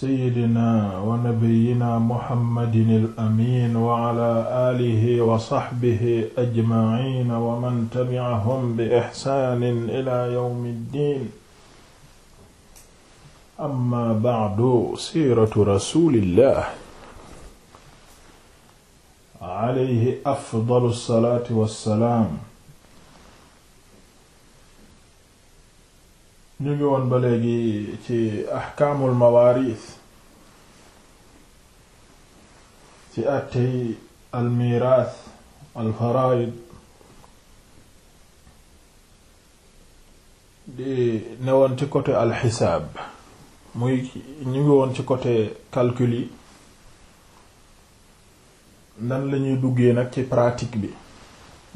seydina wa nabiyina muhammadin al-amiin wa ala aalihi wa saxbihi ajmaciin wa man tabi'ahum bi ixsaanin ilaa yawmi ddiin amma bacdu siiratu rasuulillah alayhi afdalu salaatu wa salaam ñu ngi woon ba léegi ci ahkaamul mawaaris ci àttey al miiraas al faraid di newoon ci côté al xisaab muy ñu ngi woon ci côté calcul yi nan lañuy duggee nag ci pratique bi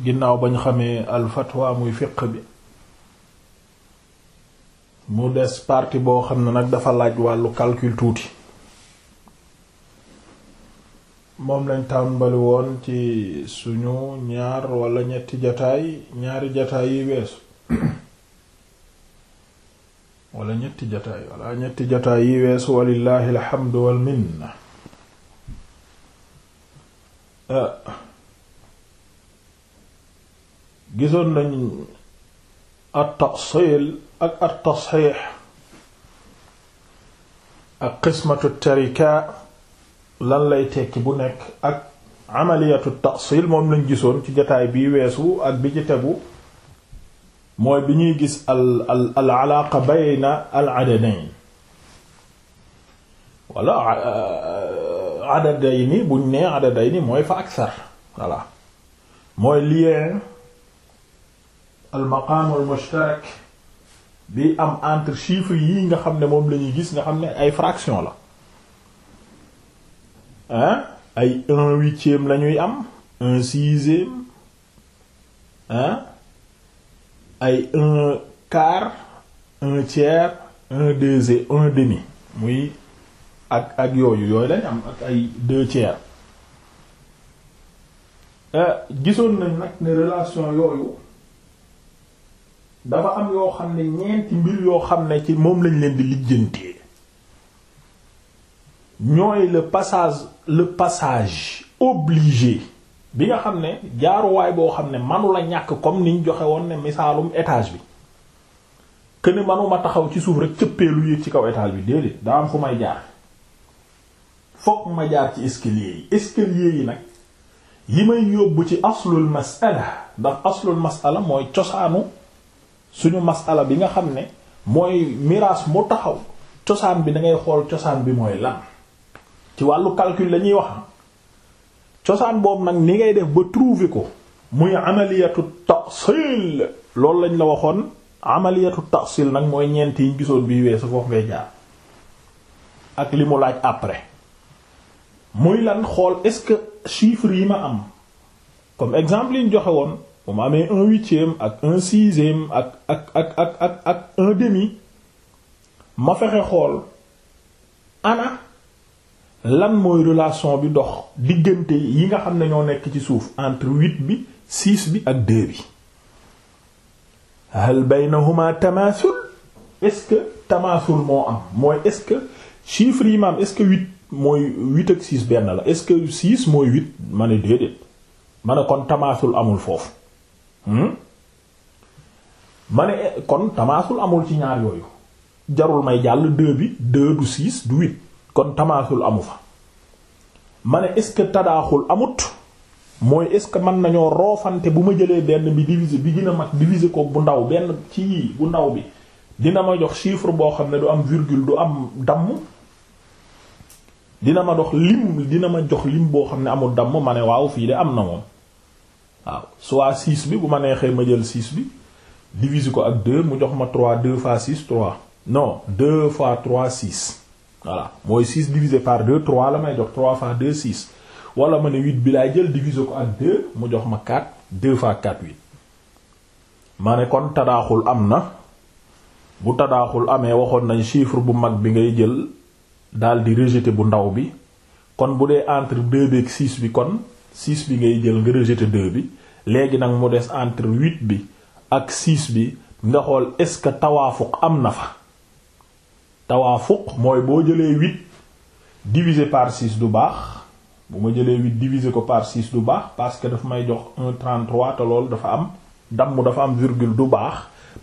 ginnaaw bañ xamee al muy fiq bi mu des partie boo xam na nag dafa laaj wàllu calcul tuuti moom lañ tàmbali woon ci suñu ñaar wala ñetti jataay ñaari jataay yi weesu wala ñetti jataay wala ñetti jataay yi weesu walillahi alhamdu wal minna ah. gisoon nañ at-tafsil ak at tasxiix ak qismatu tarika lan lay tekki bu nekk ak amaliyatu tasil moom lañ gisoon ci jotaay bii weesu ak bi ci tegu mooy bi ñuy gis al al al alaaqa bayna al adadayn wala adadayni buñ nee adadayni mooy fa aksar voilà mooy lien al maqaam al mushtarak bi am entre chiffre yii nga xam ne moom la ñuy gis nga xam ne ay fraction la hein ay un huitième lañuy am un sixième hein ay un quart un tiers un deux un demi muy ak ak yooyu yooyu lañ am ay deux tiers eh, gisoon nañ nag ne relation yooyu dafa am yoo xam ne ñeenti mbir yoo xam ne ci moom lañ leen di lijjantee ñooy le passage le passage obligé bi nga xam ne jaaruwaay boo xam ne manula ñàkk comme niñ joxe woon ne misaalum étage bi que ne manuma taxaw ci suuf rek cëppeelu yéeg ci kaw étage bi déedéet daa am fu may jaar fokk ma jaar ci escalier yi escalier yi nag yi may yóbbu ci aslul mas'ala ndax aslul mas'ala mooy cosaanu suñu masala bi nga xam ne mooy miraas mu taxaw cosaan bi da ngay xool cosaan bi mooy lan ci wàllu calcul la ñuy wax cosaan boobu nag ni ngay def ba trouver ko muy amaliyatu taxsil loolu lañ la waxoon amaliyatu taxsil nag mooy ñeent yiñ gisoon bi weesu foofu ngay jaar ak li mu laaj après muy lan xool est-ce que chiffre yi ma am comme exemple yi ñu joxe woon bu ma amee un huitième ak un sixième ak ak ak ak ak ak un demi ma fexe xool ana lan mooy relation bi dox diggante yi nga xam ne ñoo nekk ci suuf entre huit bi six bi ak deux bi hal baynahuma tamasul est-ce que tamasul moo am mooy est-ce que chiffre yi ma am est-ce que mooy huit ak six benn la est-ce que six mooy huit ma ne déedéet ma ne kon tamasul amul foofu Hmm? ma ne eh, kon tamaasul amul ci ñaar yooyu jarul may jàll deux bi deux du six du huit kon tamaasul amu fa ma ne est-ce que tadaaxul amut mooy est-ce que mën nañoo roofante bu ma jëlee benn bi diviser bi dina a mag diviser ko bu ndaw benn ci bu ndaw bi dina ma jox chiffre boo xam ne du am virgule du am damm dina ma dox lim dina ma jox lim boo xam ne amul damm ma ne waaw fii de am na moom waaw soit 6 bi bu ma neexee ma jël 6 bi diviser ko ak 2 mu jox ma 3 2 fois 6 3 non 2 fois 3 6 voilà mooy 6 divisé par 2 la may jox 3 fois 2 6 wala ma ne 8 bi laay jël diviser ko ak mu jox ma 4 2 fois 4 8 ma ne kon tadaaxul am na bu tadaaxul amee waxoon nañu chiffre bu mag bi ngay jël daal di rejeter bu ndaw bi kon bu dee entre 2 beeg 6 bi kon 6 bi ngay jël nga rejeter 2 bi. léegi nag mu des entre huit bi ak six bi nga xool est-ce que tawaafuq am na fa tawaafuq mooy boo jëlee huit divisé par six du baax bu ma jëlee huit divisé ko par six du baax parce que dafa may jox un trente dafa am damm dafa am virgule du baax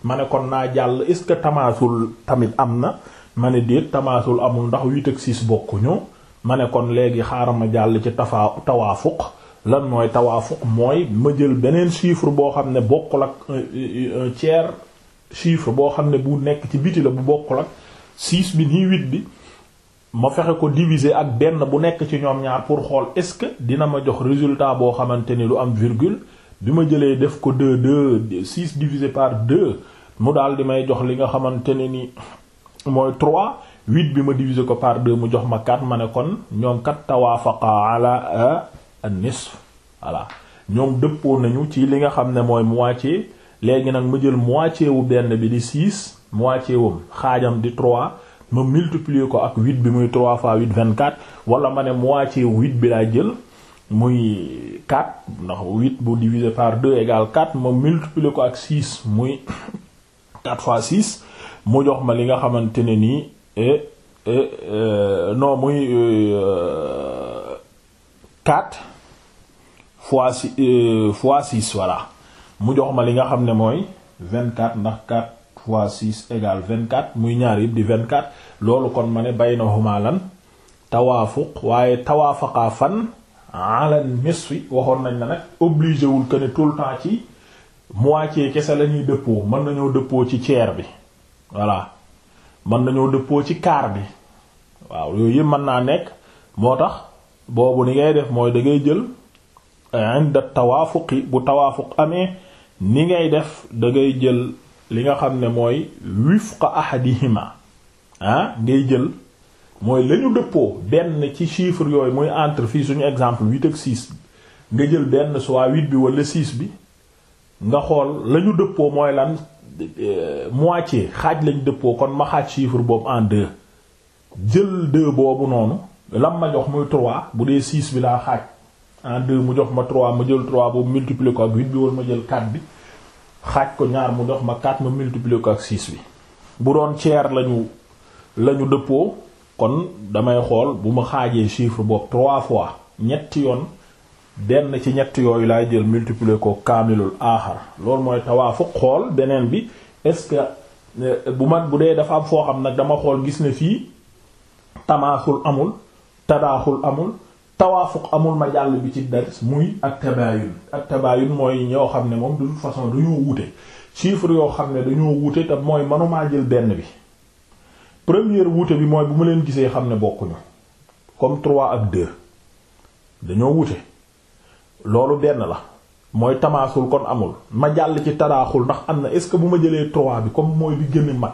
ma ne kon naa jàll est-ce que tamaasul tamit am na ma ne déet tamaasul amul ndax huit ak six bokkuñu ma ne kon léegi xaaral ma jàll ci tafaa tawaafuq lan mooy tawaafuq mooy ma jël beneen chiffre boo xam ne bokkul ak euh, euh, un tiers boo xam ne bu nekk ci biti la bu bokkul ak six bi nii huit bi ma fexe ko diviser ak benn bu nekk ci ñoom ñaar pour xool est-ce que dina ma jox résultat boo xamante ni du am virgule bi ma jëlee def ko deux deux six divisé par deux mu daal di may jox li nga xamante ne ni mooy trois huit bi ma diviser ko par deux mu jox ma quatre ma ne kon ñoom kat tawaafaqa ala euh, an-nisf voilà ñoom dëppoo nañu ci li nga xam ne mooy moitié léegi nag ma jël moitié wu benn bi di six moitié wum xaajam di trois ma multiplier ko ak huit bi muy trois fois huit vingt-quatre wala ma ne moitié wu huit bi laay jël muy quatre ndax huit bu divisé par deux égale quatre ma multiplier ko ak six muy quatre mu jox ma li nga xamante ne nii et eh, eh, eh, muy euh, quatre. fois six euh, fois six voilà mu jox ma li nga xam ne mooy vingt-quatre ndax quatre fois six égale vingt-quatre muy ñaar yëpp di vingt-quatre loolu kon ma ne baynahuma lan tawaafuq waaye tawaafaqaa fan alal nisfi waxoon nañ la nag obligé wul que ne tout le temps ci moitié kese la ñuy dëppoo mën nañoo dëppoo ci tiers bi voilà mën nañoo dëppoo ci quart bi waaw yooyu yëpp mën naa nekk moo tax boobu ni ngay def mooy da ngay jël. inda tawaafuqi bu tawaafuq amee ni ngay def da jël li nga xam ne mooy wifqa ahadihima ah ngay jël mooy lañu dëppoo benn ci chiffre yooyu muy entre suñu exemple huit ak six nga jël benn soit huit bi wala six bi nga xool lañu dëppoo mooy lan euh, moitié xaaj lañ dëppoo kon ma xaaj chiffre boobu en deux jël de boobu noonu lam ma jox muy trois bu dee six bi laa xaaj en deux mu jox ma trois ma jël trois boobu multiplier ko ak huit bi woon ma jël quatre bi xaaj ko ñaar mu jox ma quatre ma multiplier ko ak six bi bu doon tiers lañu lañu dëppoo kon damay xool bu ma xaajee chiffre boobu trois fois ñetti yoon benn ci ñett yooyu laay jël multiplier ko kaamilul aaxar loolu mooy tawaafuq xool beneen bi est-ce que euh, bu mag bu dee dafa am foo xam nag dama xool gis ne fii tamaasul amul tadaaxul amul tawaafuq amul ma jàll bi ci dars muy ak tabaayun ak tabaayun mooy ñoo xam ne moom de toute façon dañoo wute chiffre yoo xam ne dañoo wute te mooy manumaa jël benn bi première wute bi mooy bu ma leen gisee xam ne bokkuñu comme trois ak deux dañoo wute loolu benn la mooy tamaasul kon amul ma jàll ci taraaxul ndax am na est-ce que bu ma jëlee trois bi comme mooy bi gën a mag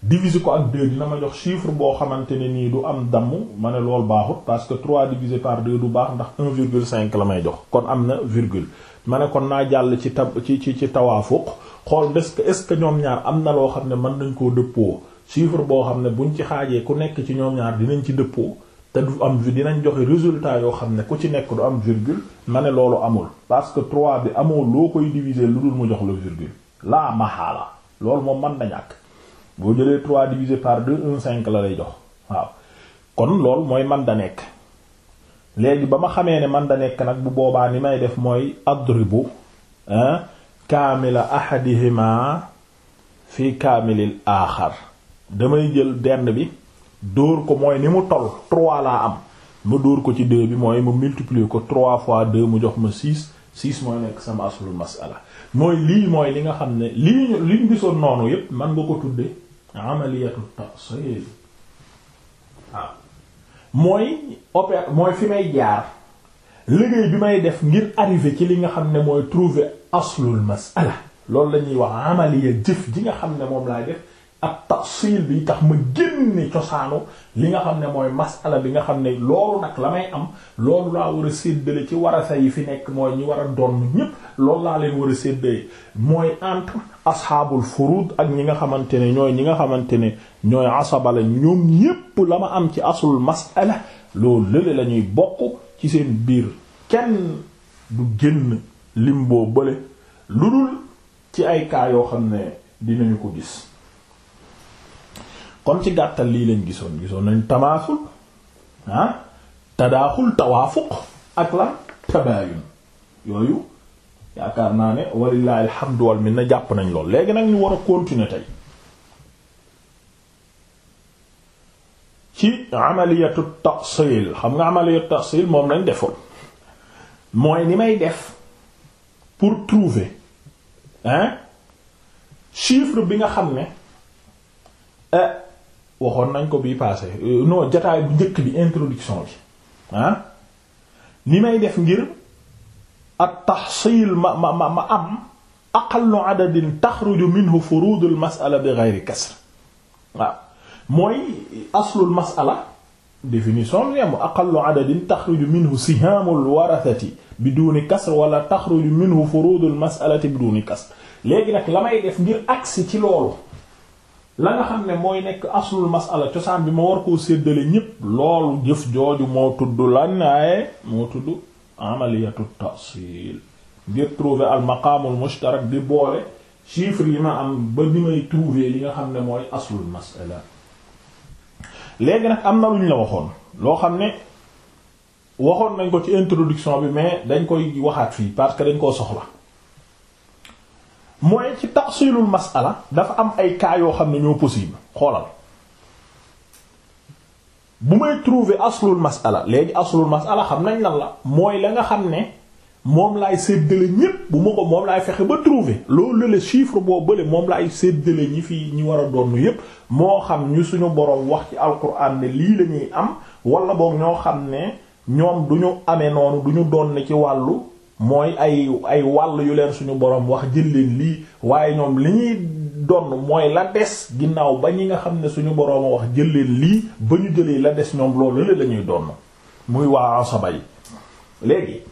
diviser ko ak 2 dina ma jox chiffre boo xamante ne nii du am damm ma ne loolu baaxut parce que trois divisé par 2 du baax ndax 1,5 la may jox kon am na virgule ma ne kon naa jàll ci tab ci ci ci tawaafuq xool est-ce que est-ce que ñoom ñaar am na loo xam ne mën nañ koo dëppoo chiffre boo xam ne buñ ci xaajee ku nekk ci ñoom ñaar dinañ ci dëppoo te du am dinañ joxe résultat yoo xam ne ku ci nekk du am virgule ma ne loolu amul parce que 3 bi amoo loo koy diviser lu dul mu jox la virgule laa maxaala loolu moom mën na ñàkk boo jëlee 3 divisé par 2 1 la lay jox waaw kon loolu mooy man da nekk léegi ba ma xamee ne man da nekk nag bu boobaa ni may def mooy adribu kaamila ahadihima fi kaamilil aaxar damay jël dend bi dóor ko mooy ni mu tol 3 laa am ma dóor ko ci 2 bi mooy mu multiplier ko 3 fois 2 mu jox ma 6 6 mooy nekk sama aslul masala mooy lii mooy li nga xam ne lii liñ gisoon noonu yépp man nga ko tudde amaliyatu ta'sil waaw ah. mooy opé mooy fi may jaar liggéey bi may def ngir arriver ci li nga xam ne mooy trouver aslul mas'ala loolu la ñuy wax amaliya jëf ji nga xam ne moom laa def ak tasil bi tax ma génne cosaanu li nga xam ne mooy mas'ala bi nga xam ne loolu nag la may am loolu laa war a séddale ci war warasa yi fi nekk mooy ñi war a doon ñépp loolu laa leen war a séddale mooy entre asxaabul furud ak ñi nga xamante ne ñooy ñi nga xamante ne ñooy asabala ñoom ñépp la ma am ci asul masala loolu lële la ñuy bokk ci seen biir kenn du génn lim boo bële lu dul ci ay kaa yoo xam ne dinañu ko gis kon ci gàttal lii leen gisoon gisoon nañ tamaasul ah tadaaxul tawaafuq ak la tabaayun yooyu yaakaar naa ne walillahi alhamdu wal na jàpp nañ lool léegi nag ñu war a continuer tey ci amaliyatu tafsil xam nga amaliyatu tafsil moom lañ defoon mooy ni may def pour trouver hein chiffre bi nga xam ne eh, waxoon nañ ko bii passé euh, non jataay bu njëkk bi introduction bi ah ni may def ngir at tahsil ma ma ma ma am aqallu adadin taxruju minhu furudul masala bi ghayri kasr waaw mooy aslul masala définition bi am aqallu adadin taxruju minhu sihaamul warasati bi duuni kasr wala taxruju minhu furudul masalati bi duuni kasr léegi nag la may def ngir agsi ci loolu la nga xam ne mooy nekk aslul masala cosaan bi ma war koo séddale ñépp loolu jëf jooju moo tudd lan ay moo tudd amaliyatu tafsil ngir trouver al maqaamul mushtarak bi boole chiffre yi ma am ba ni may trouver li nga xam ne mooy aslul masala léegi nag am na lu la waxoon loo xam ne waxoon nañ ko ci introduction bi mais dañ koy waxaat fii parce que dañ koo soxla mooy ci tafsilul masala dafa am ay cas yoo xam ne ñoo possible xoolal bu may trouver aslul masala léegi aslul masala xam nañ lan la mooy la nga xam ne moom laay séddale ñépp bu ma ko moom laay fexe ba trouver loolu le chiffre boo bële moom laay séddale ñi fi ñi war a doon yépp moo xam ñu suñu boroom wax ci alquran ne lii la am wala boog ñoo xam ne ñoom du ñu amee noonu duñu ñu ci wàllu mooy ay ay wàll yu leen suñu borom wax jël leen lii waaye ñoom li ñuy donn mooy la des ginnaaw ba ñi nga xam ne suñu borom wax jël leen lii ba ñu jëlee la des ñoom loolu la la ñuy donn muy waa asaba yi léegi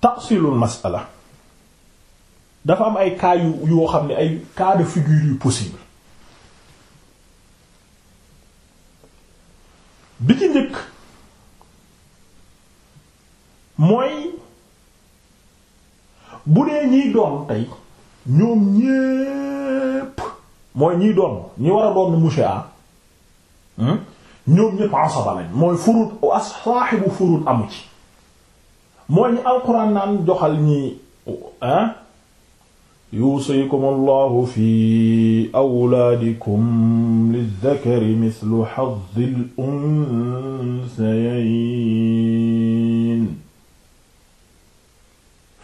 tafsilul masala dafa am ay cas yu yoo xam ne ay cas de figure yu possible bi ci njëkk mooy bu dee ñiy doon tey ñoom ñépp mooy ñiy doon ñi war a doon monsieur A hmm? ñoom ñépp asaba lañ mooy furud as saaxibu furud amu ci mooy ñi alquran naan joxal ñi ah yuusikumullahu fi awlaadikum lizzakari mislu hazzil unsayayn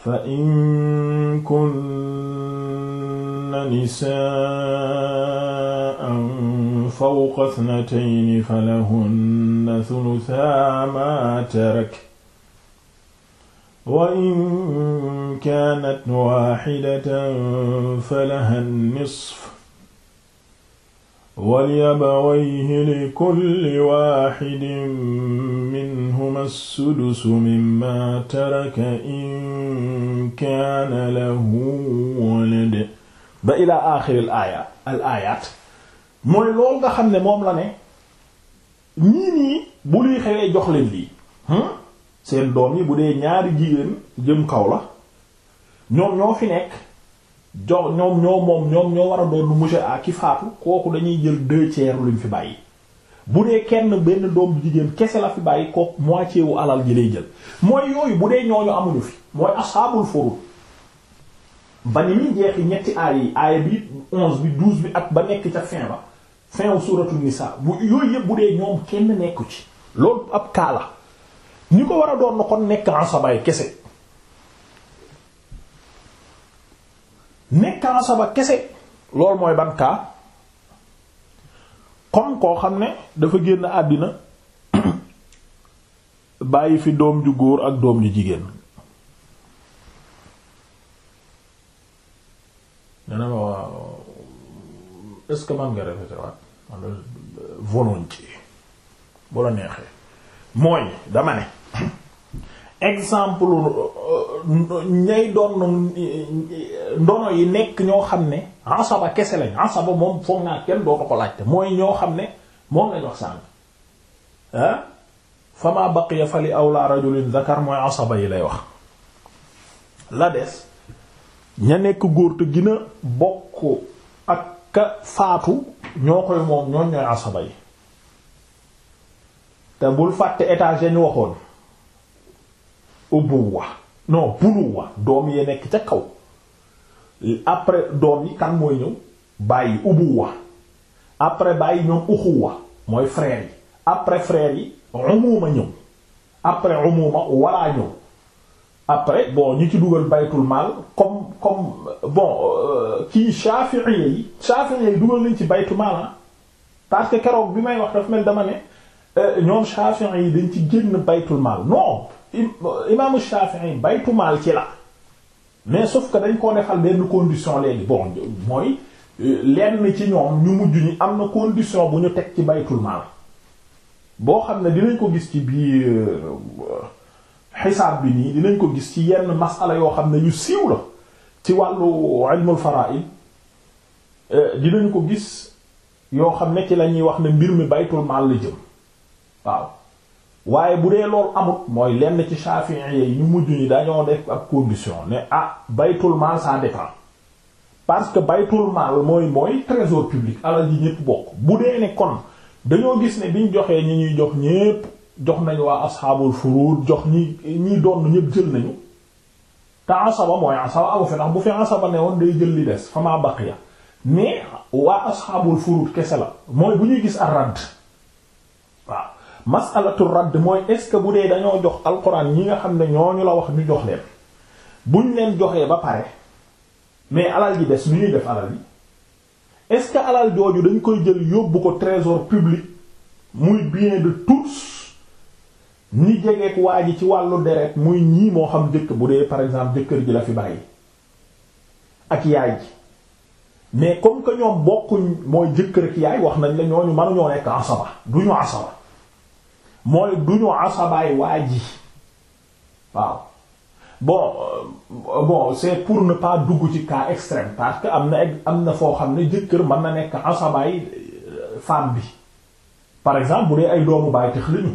fa in kunna nisaa'an fawqa ithnatayni falahunna thuluthaa maa taraka wa in kaanat waahidatan falahaa nisfu walyabawayhi likulli waaxidin minhuma as-sudus mimma taraka in kaana lahu walad ba ila aaxiril aaya al mooy loolu nga xam ne moom la ne ñii nii bu luy xewee jox leen lii seen doom yi bu dee ñaari jigéen jëm kaw la ñoom ñoo fi nekk jox ñoom ñoo moom ñoom ñoo war a doon monsieur A ki faatu kooku dañuy jël deux tiers luñ fi bàyyi bu dee kenn benn doom jigéen kese la fi bàyyi kooku moitié wu alal ji lay jël mooy yooyu bu dee ñooñu amuñu fi mooy asaabul furud ba ni ñuy jeexi bi onze bi douze ba nekk ca fin ba fin wu bu yooyu yëpp bu dee ñoom kenn nekku ci loolu ab kaala ñi ko war a doon na kon nekk en sabay kese nekk asaba kese loolu mooy ban cas comme koo xam ne dafa génn àddina bàyyi fi doom ju góor ak doom ju jigéen nga ne ma waaw est-ce que man nga répéter waat euh, neexee mooy dama ne exemple euh, euh, ñay doon euh, ndono yi nekk ñoo xam ne asaba kese lañ asaba moom foog naa kenn doo ko laajte mooy ñoo xam ne moo lañ wax sànq ah fama baqiya fali awla rajulin zakar mooy asaba yi lay wax la des ña nekk góor te gina bokk ak ka faatu ñoo koy moom ñooñ ñooy asaba yi te bul fàtte étage ñu waxoon ubuwa non buluwa doom yee nekk ca kaw après doom yi kan mooy ñëw bàyyi ubuwa après bàyyi ñoom uxuwa mooy frère yi après frère yi umuma ñëw après umuma walaa ñëw après bon ñu ci dugal baytul maal comme comme bon euh, kii Shafi'i yi Shafi'i yi dugal nañ ci baytu maal ah. parce que keroog bi may wax dafa mel dama ne euh, ñoom Shafi'i yi dañ ci génn baytul maal non imaamu Shafi'i baytu maal ci la mais sauf que dañ koo defal benn condition léegi bon mooy lenn ci ñoom ñu mujj ñi am na condition bu ñu teg ci baytul maal boo xam ne dinañ ko gis ci biir euh, xisaab bi nii dinañ ko gis ci yenn masala yoo xam ne yu siiw la ci wàllu ilmul fara'id euh, dinañ ko gis yoo xam ne ci la ñuy wax ne mbir mi baytul maal la jëm waaw waaye bu dee loolu amut mooy lenn ci Shafi'i yi ñu mujj ñi dañoo def ak condition ne ah baytul maal ça dépend parce que baytul maal mooy mooy trésor public alal yi ñépp bokk bu dee ne kon dañoo gis ne bi ñu joxee ñu ñuy jox ñépp jox nañu waa asxaabul furuud jox ñi ñi doon ñépp jël nañu te asaba mooy asaba amu fi ndax bu fi asaba ne woon day jël li des baq baqiya mais waa asxaabul furuud kese la mooy bu ñuy gis arad masalatul radd mooy est-ce que bu dee dañoo jox alquran ñi nga xam ne ñoo ñooñu la wax ñu jox leen buñ leen joxee ba pare mais alal ji des lu ñuy def alal yi est-ce que alal jooju dañ koy jël yóbbu ko trésor public muy bien de tous ñi jegeek waa ji ci wàllu deret muy ñii moo xam jëkk bu dee par exemple jëkkër ji la fi bàyyi ak yaay ji mais comme que ñoom bokkuñ mooy jëkkër ak yaay wax nañ la ñooñu mënuñoo nekk asaba duñu asaba mooy duñu asabaay waa ji waaw bon euh, bon c'est pour ne pas dugg ci cas extrême parce que am na am na foo xam ne jëkkër mën na nekk asabaay euh, femme bi par exemple bu ay doomu baay tëx lañu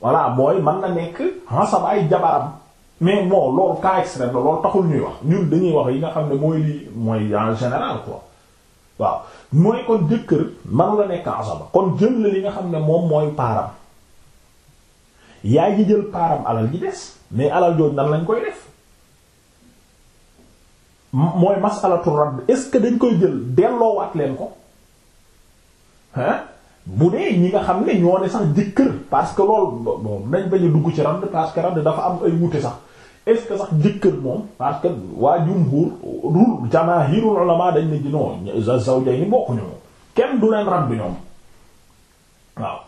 voilà mooy man na nekk asabaay jabaram mais bon loolu cas extrême la loolu taxul ñuy wax ñun dañuy wax yi nga xam ne mooy lii mooy en général quoi waaw mooy kon jëkkër manu la nekk asaba kon jël la li nga xam ne moom mooy paaram yaay ji jël paaram alal ji des mais alal jooju nag lañ koy def mooy masalatu radd est-ce que dañ koy jël delloo delloowaat leen ko ah bu dee ñi nga xam ne ñoo ne sax jëkkër parce que loolu bon nañ bañ a dugg ci radd parce que radd dafa am ay wute sax est-ce que sax jëkkër moom parce waa jumhur rul jamaahirul ulama dañ ne di non zawjayni bokkuñu moom kenn du leen radd ñoom waaw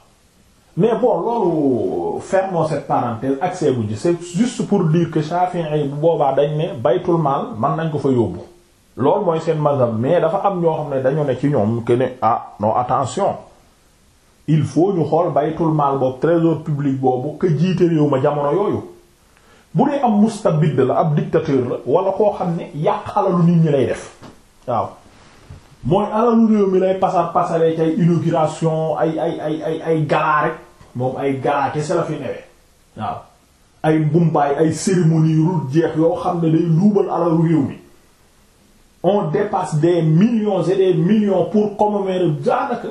mais bon loolu fermons cette parenthèse accès bu ji c'est juste pour dire que Shafi'i bu boobaa dañ ne baytul maal mën nañ ko fa yóbbu loolu mooy seen mazhab mais dafa am ñoo xam ne dañu ne ci ñoom que ne ah non attention il faut ñu xool baytul maal boobu trésor public boobu que jiite réew ma jamono yooyu bu dee am mustabid la ab dictateur la wala koo xam ne yàq alalu nit ñi lay def waaw mooy alalu réew mi lay pasar pasaree ci ay inauguration ay ay ay ay ay gala moom ay gaa kese la fi newee waaw ay mbumbaay ay cérémonie yu dul jeex yoo xam ne day luubal alalu réew mi on dépasse des millions et des millions pour commémorer daanaka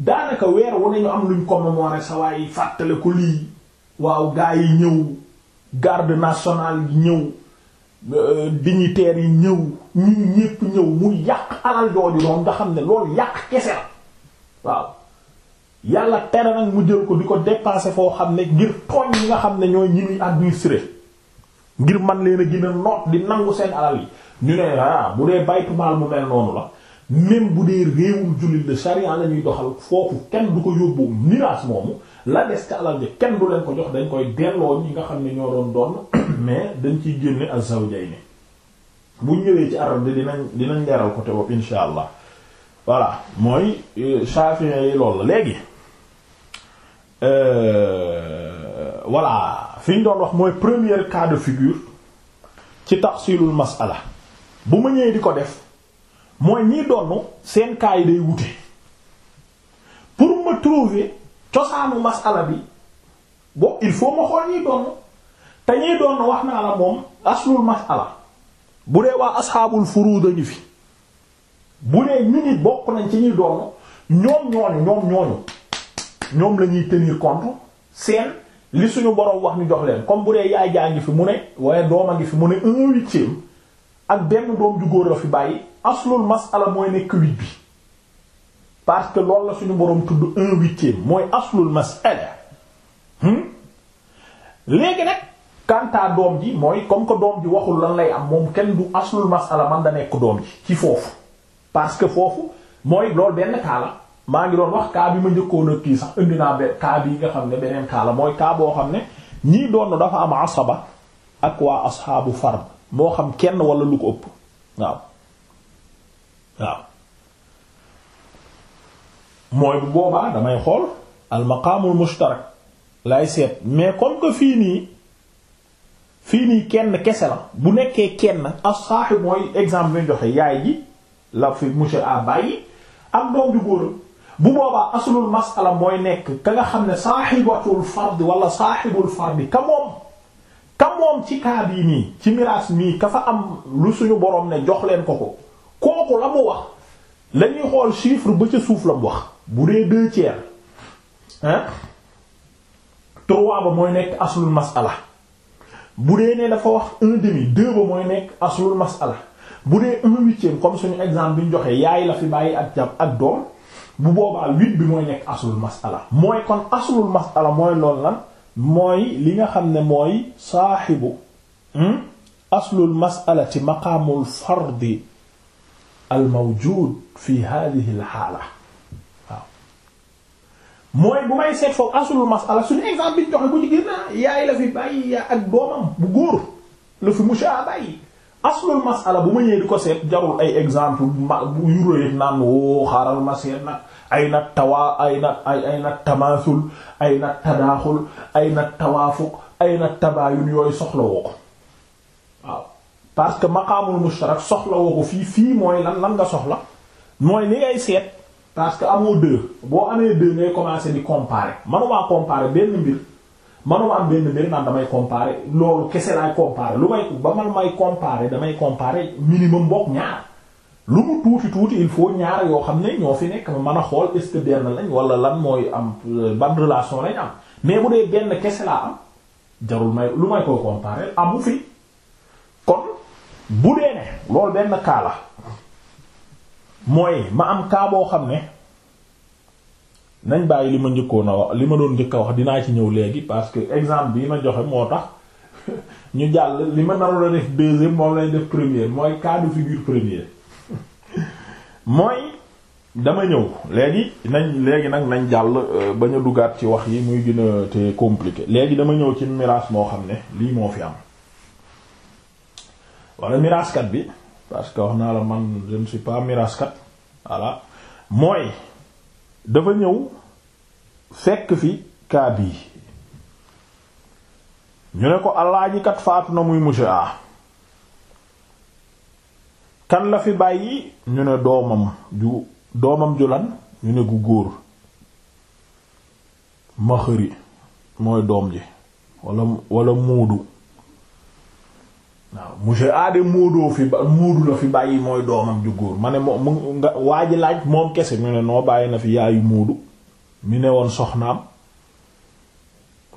daanaka weer wu nañu am luñ commémorer sa waaye fàttale ko lii waaw gaa yi ñëw garde nationale yi ñëw euh, dignitaires yi ñëw ñun ñépp ñëw mu yàq alal jooju doon nga ne loolu yàq kese la waaw yàlla tere nag mu jël ko di ko dépenser foo xam ne ngir tooñ yi nga xam ne ñoo ñi muy administrer ngir man leen a gën a noot di nangu seen alal yi ñu ne ah bu dee baytu maal mu mel noonu la même bu dee réewum jullit la charia la ñuy doxal foofu kenn du ko yóbbu miraas moomu la des ca ja kenn du leen ko jox dañ koy delloo ñi nga xam ne ñoo doon doon mais dañ ciy génne az-zawjayni bu ñëwee ci arab di dina dinañ leeral côté boobu insha allah voilà mooy euh, Shafi'i yi léegi. Euh, voilà fi ñu doon wax mooy premier cas de figure ci tafsilul masala bu ma ñëwee di ko def mooy ñiy donn seen cas yi day wute pour ma trouver cosaanu masala bi bo il faut ma xool ñiy donn te ñiy donn wax naa la moom aslul masala bu dee waa asxaabul furuud dañu fi bu dee ñu nit bokk nañ ci ñuy donn ñoom ñooñu ñoom ñooñu ñoom lañuy ñuy tenir compte seen li suñu borom wax ñu jox leen comme bu dee yaay jaa ngi fi mu ne waaye doom a ngi fi mu ne un huitième ak benn doom ju góor la fi bàyyi aslul masala mooy nekk huit parce que loolu la suñu borom tudd un huitième mooy aslul masala hmm? léegi nag kantaa doom ji mooy comme que doom ji waxul lan lay am moom kenn du aslul masala man da nekk doom ji ci foofu parce que foofu mooy loolu benn kaa maa ngi doon wax cas bi ma njëkkoon a kii sax indi naa be nga xam ne beneen cas la mooy cas boo xam ne ñii doon dafa am asaba ak waa asxaabu far moo xam kenn wala lu ko ëpp waaw waaw mooy bu boobaa damay xool al maqaamul laay seet mais comme que fii nii fii nii kenn kese la bu nekkee kenn as mooy exemple bi ñu joxe yaay ji la fi monsieur a bàyyi am doom ju bu boobaa aslul masala mooy nekk ka nga xam ne saaxibatul fard wala saaxibul fard ka moom ka moom ci kaa yi nii ci miraas mii ka fa am lu suñu borom ne jox leen ko ko kooku la mu wax la ñuy xool chiffre ba ca suuf la mu wax bu dee deux tiers hein trois ba mooy nekk aslul masala bu dee ne dafa wax un demi deux ba mooy nekk aslul masala bu dee un huitième comme suñu exemple bu ñu joxee yaay la fi bàyyi ak jàpp ak doom bu boobaa huit bi mooy nekk aslul masala mooy masala mooy lool lan mooy li nga xam ne mooy saaxibu hmm? aslul masalati maqaamul fardi al mawjud fi hadhihi al xaala mooy bu may seet foofu aslul masala suñu exemple bi ñu joxe bu ci gën a fi bàyyi ak doomam bu góor la fi musha bàyyi aslul masala bu ma ñëwee di ko seet jarul ay exemple ma bu yuróyeg naan woo xaaral ma seet nag ay na tawaa ay na ay ay na tamaasul ay na tadaaxul ay na tawaafuq ay na tabaayun yooyu soxla woo ko waaw parce que maqaamul mushtarak soxla woo ko fii fii mooy lan lan nga soxla mooy ni ngay seet parce que amoo deux boo amee deux ngay commencer di comparer manumaa comparer benn mbir manuma am benn mbir naan damay comparer loolu kese laay comparer lu may ba man may comparer damay comparer minimum bokk ñaar lu mu tuuti tuuti il faut ñaar yoo xam ne ñoo fi nekk ma mën a xool est-ce que benn lañ wala lan mooy am euh, ban relation lañ am mais bu dee benn kese laa am jarul may lu may koy comparer amu fi kon bu dee ne loolu benn kaala mooy ma am kaa boo xam ne. nañ bàyyi li ma njëkkoon a wax li ma doon njëkk a wax dinaa ci ñëw léegi parce que exemple bi ma joxe moo tax ñu jàll li ma naroon a def deuxième moom lañ def premier mooy cas de figure premier mooy dama ñëw léegi nañ léegi nag nañ jàll euh, bañ a dugaat ci wax yi muy gën a te compliqué léegi dama ñëw ci miraas moo xam ne lii moo fi am walla miraaskat bi parce que wax naa la man je ne pas miraaskat voilà mooy dafa ñëw fekk fi kaa bii ñu ne ko alaaji faatu na muy monsieur A kan la fi bàyyi ñu ne doomam ju doomam ju lan ñu ne gu góor ma xëri mooy doom ji wala wala muudu waaw monsieur aade móodoo fi ba móodu la fi bàyyi mooy doomam ju góor ma ne moo mu nga waa ji laaj moom kese mu ne noo bàyyi na fi yaayu móodu mi ne woon soxnaam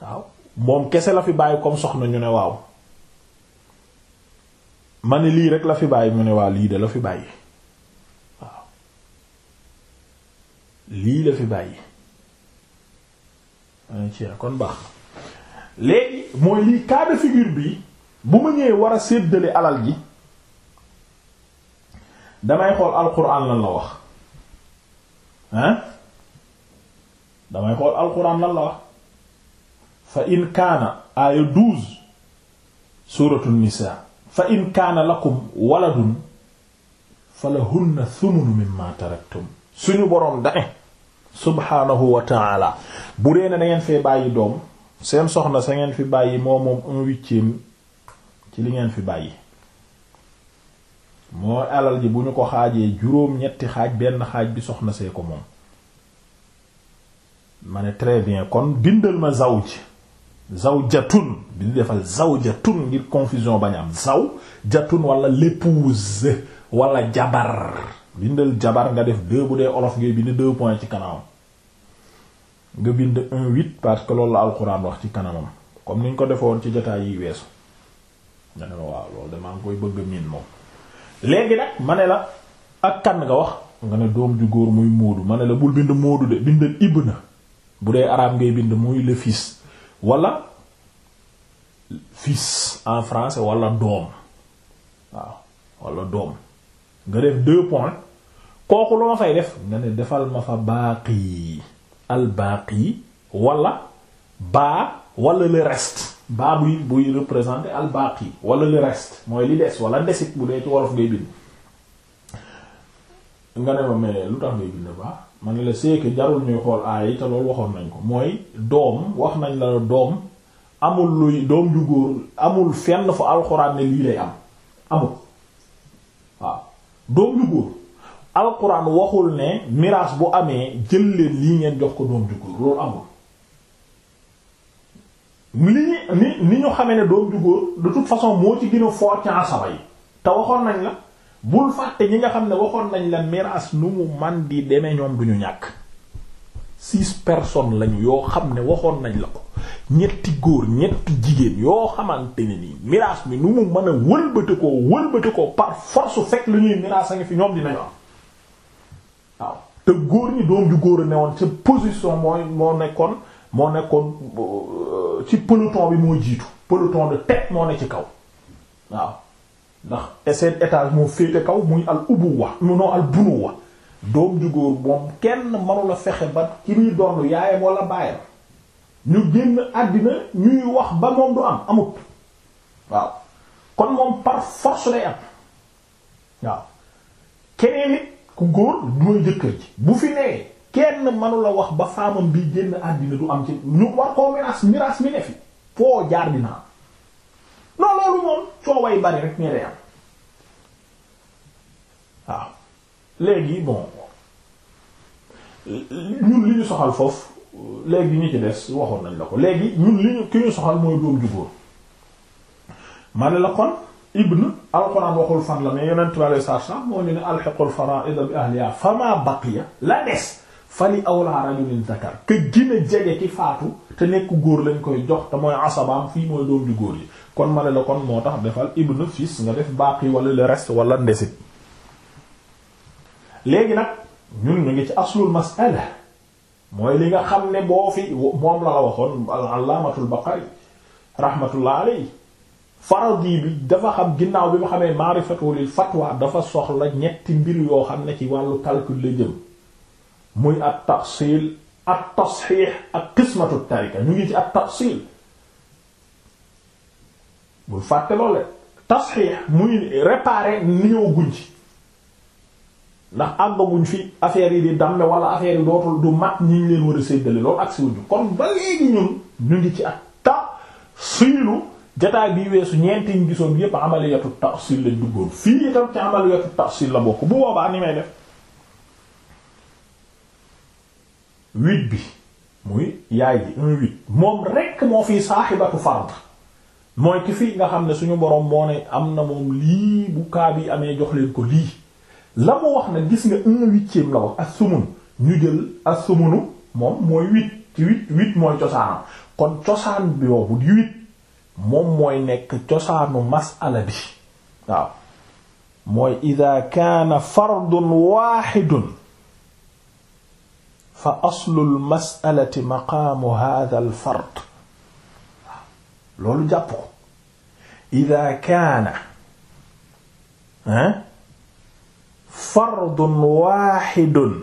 waaw moom kese la fi bàyyi soxna ñu waaw ma ne la fi bàyyi mu lii de fi bàyyi waaw la fi bàyyi ma ne kon baax léegi mooy lii cas de figure bi bu ma ñëwee war a séddale alal ji damay xool alquran lan la wax hein damay xool alquran lan la wax fa in kaana aaya douze suratu nisa fa in kaana lakum waladun falahunna thumunu mimma taraktum suñu boroom dane subhaanahu wa taala bu dee na ngeen fee bàyyi doom seen soxna sa ngeen fi bàyyi moo moom un huitième ci li ngeen fi bàyyi mooy alal ji bu ñu ko xaajee juróom ñetti xaaj benn xaaj bi soxna see ko moom ma ne très bien kon bindal ma zawj zawjatun bi ñu defal zawjatun ngir confusion bañ am zawjatun wala l'épouse wala jabar bindal jabar nga def deux bu dee olof ngay bind deux points ci kanamam nga bind un huit parce que loolu la alxuraan wax ci kanamam ni ñu ko defoon ci jotaay yi weesu nga ne ma waaw loolu damaa ngi koy bëgg a miin moom léegi ne la ak kan nga wax nga ne doom ju góor muy móodu ma ne la bul bind móodu de bindal ibna bu dee arabe ngay bind muy le fils wala fils en français wala doom waaw wala doom nga def deux points kooku lu ma fay def nga ne defal ma fa baaqi al baaqi wala baa wala le reste baa buy buy représenter al baqi wala le reste mooy li des wala desit bu dee ci wolof ngay bind nga ne ma mais lu tax ngay bind baax man la seeke jarul ñuy xool aay te loolu waxoon nañ ko mooy doom wax nañ la doom amul luy doom ju góor amul fenn fa alxuraan ne lii lay am amul doom ju góor alxuraan waxul ne miraas bu amee jël leen lii ngeen jox ko doom ju góor loolu amul li ni ni ñu xamee ne doom ju góor de toute façon moo ci gën a fort yi te waxoon nañ la bul fàtte ñi nga xam ne waxoon nañ la miraas nu mu man di demee ñoom duñu ñàkk six personnes lañu yoo xam ne waxoon nañ la ko ñetti góor ñetti jigéen yoo xamante ne nii miraas mi nu mu mën a wëlbate koo wëlbate koo par force fekk lu ñuy miraas a ngi fi ñoom dinañu am waaw te góor ñi doom ju góor a newoon sa position mooy moo nekkoon moo nekkoon euh, ci peloton bi moo jiitu peloton de tête moo ne ci kaw waaw ndax essai étage moo féete kaw muy al ubuwa non al bunuwa doom ju góor moom kenn manula fexe ba ki muy doon yaayam wala baayam ñu génn àddina ñuy wax ba moom du am amut waaw kon moom par force lay am waaw keneen nit ku góor mooy jëkkër ji bu fi nee kenn mënu wax ba faamam bi génn àddina du am ci ñu war koo miraas miraas mi ne fi foo jaar dinaa non loolu moom cooway bari rek ñeneen am waaw léegi bon ñun li ñu soxal foofu léegi ñu ci des waxoon nañ la ko léegi ñun li ñu ki ñu soxal mooy doom ju góor ne la kon ibn alxuraan waxul fan la mais yonent bi alei moo ñu ne alxiqul fara'id bi ahliha fama baqiya la des fali awla rajulin zakar ke gën a jege ci faatu te nekk góor lañ koy jox te mooy asabaam fii mooy doom ju góor yi kon ma ne la kon moo tax defal ibn fils nga def baaqi wala le reste wala ndesit léegi nag ñun ñu ngi ci aslul mas'ala mooy li nga xam ne boo fi moom la la waxoon al-allaamatul baqari rahmatullah alayhi faradi bi dafa xam ginnaaw bi ma xamee maarifatu lil fatwa dafa soxla ñetti mbir yoo xam ne ci wàllu calcul la jëm muy at tafsil at tasxiix ak qismatu tarika ñu ngi ci at tafsil bul fàtte loole tasxiix muy réparer néew guñ ci ndax àggaguñ fi affaire yi di damme wala affaire yi dootul du mat ñi ñu leen war a séddale loolu ak ñu ngi ci at tafsilu jataay bii weesu ñeenti ñu gisoon yépp amaliyatu tafsil lañ duggoon fii itam ci amaliyatu tafsil la bokk bu boobaa ni may def. huit bi muy yaay ji un huit moom rekk moo fiy saaxibatu fard mooy ki fi nga xam ne suñu borom moo ne am na moom lii bu kaa amee jox leen ko lii la mu wax nag gis nga un huitième la wax as sumun ñu jël as sumunu moom mooy huit ci huit huit mooy cosaanam kon cosaan bi boobu di huit moom mooy nekk cosaanu masala bi waaw mooy ida kaana fardun waaxidun fa aslul masalati maqaamu hada al fard loolu jàpp ko ida kaana ah, fardun waaxidun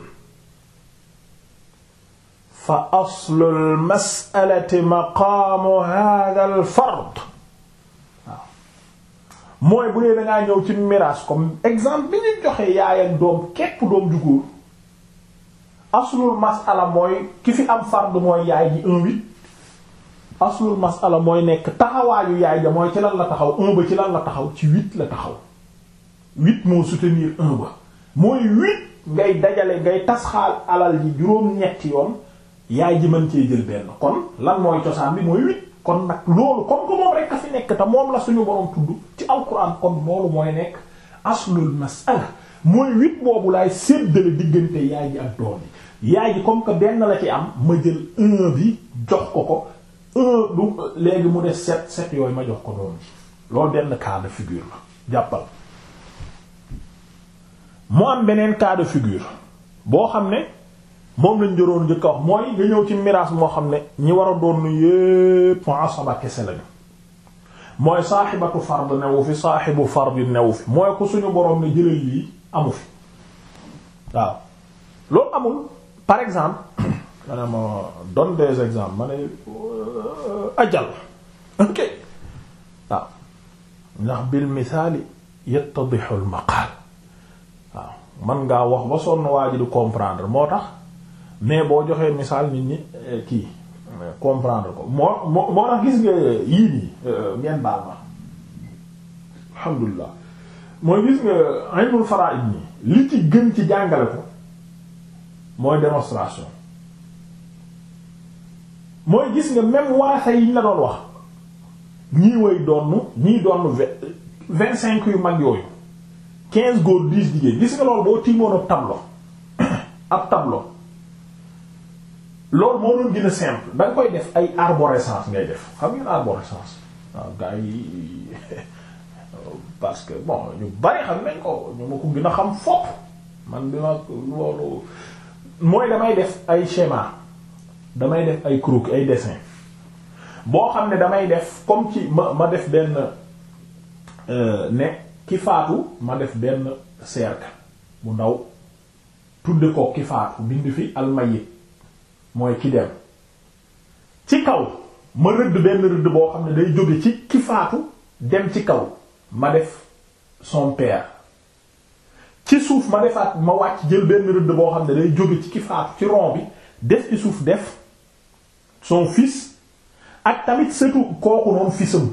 fa aslul masalati maqaamu hada al fard mooy bu dee dangaa ñëw ci miraas comme exemple bi ñu joxe yaay ak doom képp doom ju góor aslul masala mooy ki fi am fard mooy yaay ji un huit aslul masala mooy nekk taxawaayu yaay ja mooy ci lan la taxaw un ba ci lan la taxaw ci huit la taxaw huit moo soutenir un ba mooy huit ngay dajale ngay tasxaal alal ji juróom-ñetti yoon yaay ji mën cee jël benn kon lan mooy cosaan bi mooy huit kon nag loolu comme que moom rek fi nekk te moom la suñu borom tudd ci alquran kon loolu mooy nekk aslul masala mooy huit boobu laay séddale diggante yaay ji ak doom yaay ji comme que benn la ci am ma jël un bi jox ko ko un du léegi mu des set sept yooyu ma jox ko doom loolu benn cas de figure la jàppal mu am beneen cas figure boo xam ne moom lañ joroon njëkk a mooy nga ñëw ci miraas moo xam ne ñi war a doon yépp asaba kese lañu mooy saaxibatu fard newu fi saaxibu fard newu fi mooy ku suñu borom ne jëlal lii amu fi waaw loolu amul par exemple ma ne ma donne des exemples ma ne euh, ajal ok waaw ndax bil misaali yattadixu al maqaal waaw man ngaa wax ba sonn waa comprendre moo tax mais boo joxee misaal nit ñi eh, kii comprendre ko moo moo tax gis nga yii nii euh, ngeen baal ma alhamdulilah mooy gis nga aynul faraid nii li ci gën ci jàngale ko mooy démonstration mooy gis nga même waasa yiñ la doon wax ñii way doon ñii doon vingt cinq yu mag yooyu quinze góor dix jigéen gis nga loolu boo tiimoon ab tableau ab tableau loolu moo doon gën a simple da koy def ay arborescence ngay def xam ngeen arborescence waaw ah, gars parce que bon ñu bari xam nañ ko ñu ma ko gën xam fopp man bi ma loolu mooy damay def ay schéma damay def ay croquis ay dessin boo xam ne damay def comme ci ma ma def benn euh, ne ki faatu ma def benn cercle bu ndaw tudde ko ki faatu bind fi almayit mooy ki dem ci kaw ma rëdd benn rëdd boo xam ne day jóge ci ki faatu dem ci kaw ma def son père ci suuf ma defaat ma wàcc jël benn rëdd boo xam ne day jóge ci ki faatu ci rond bi def ci suuf def son fis ak tamit sëtu kooku noonu fisam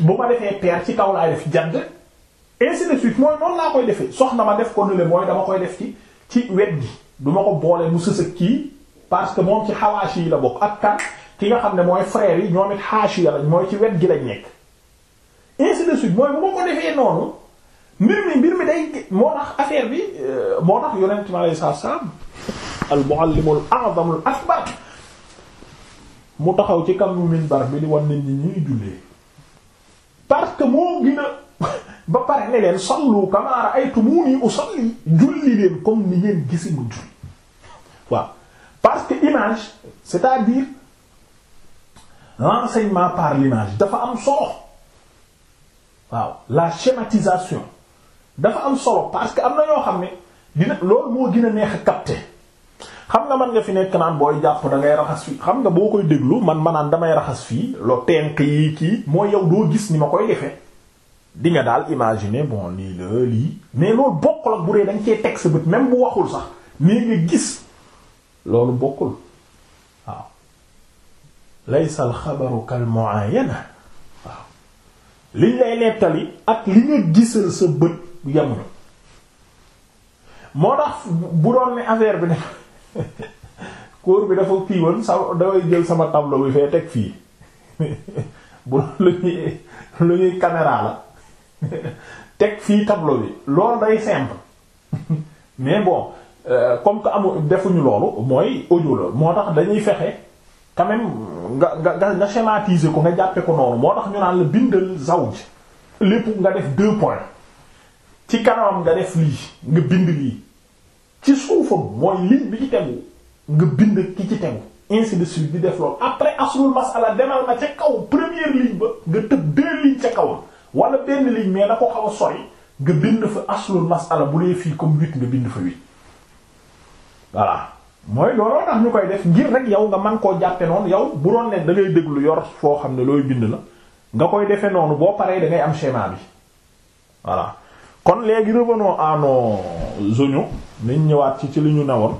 bu ma defee père ci kaw laay def jadd ainsi de suite mooy noonu laa koy defee soxna ma def ko nule mooy dama koy def ci ci wet gi du ma ko boole mu sësëg kii parce que moom ci xawaashi yi la bokk ak kan ki nga xam ne mooy frère yi ñoom it xaashi ya lañ mooy ci wet gi lañ nekk ainsi de suite mooy bu ma ko defee noonu mbir mi mbir mi day moo tax affaire bi euh, moo tax yonent mi alayhi salaatu salaam akbar mu taxaw ci kam minbar bi di wan nit ñi ñuy jullee parce que moo gën a ba pare ne leen sallu kama ra'aytumuni usalli julli leen comme ni ngeen gisi mu julli waaw parce que image c'est-à-dire l'enseignement par l'image dafa am solo waaw la schématisation dafa am solo parce que am na ñoo xam ne dina loolu moo dina neex a capter xam nga man nga fi nekk naan booy jàpp da ngay raxas fii xam nga boo koy déglu man manaan naan damay raxas fii loo tenk yi kii moo yow doo gis ni ma koy defee di nga daal imaginer bon nii la lii mais loolu bokkul ak bu dee dañ cee teg sa bët même bu waxul sax nii nga gis loolu bokkul waaw laysa al xabaru kal muayana liñ lay nettali ak li nga gisal sa bët yamuñu moo tax bu doon ne affaire bi def cours bi dafa kii sa sama jël sama tablo bi fee teg fii bu doon lu ñuy lu ñuy caméra la teg fii tableau bi loolu day simple mais bon euh, comme que amul defuñu loolu mooy audio la moo tax dañuy fexe. quand même nga nga nga schématiser ko nga jàppe ko noonu moo tax ñu naan la bindal zawj lépp nga def deux points ci kanamam nga def lii nga bind lii ci suufam mooy ligne bi ci tegu nga bind ki ci tegu ainsi de suite di def loolu après aslul masala demal na ca kaw première ligne ba nga tëb deux lignes ca kawam wala benn ligne mais la ko xaw a sori nga bind fa aslul masala bu lay fii comme huit nga bind fa huit voilà mooy looloo tax ñu koy def ngir rek yow nga man koo jàppe noonu yow bu doon ne da ngay déglu yor foo xam ne looy bind la nga koy defee noonu boo paree da am schéma bi voilà kon léegi revenons à nos oignons ñëwaat ci ci lu ñu newoon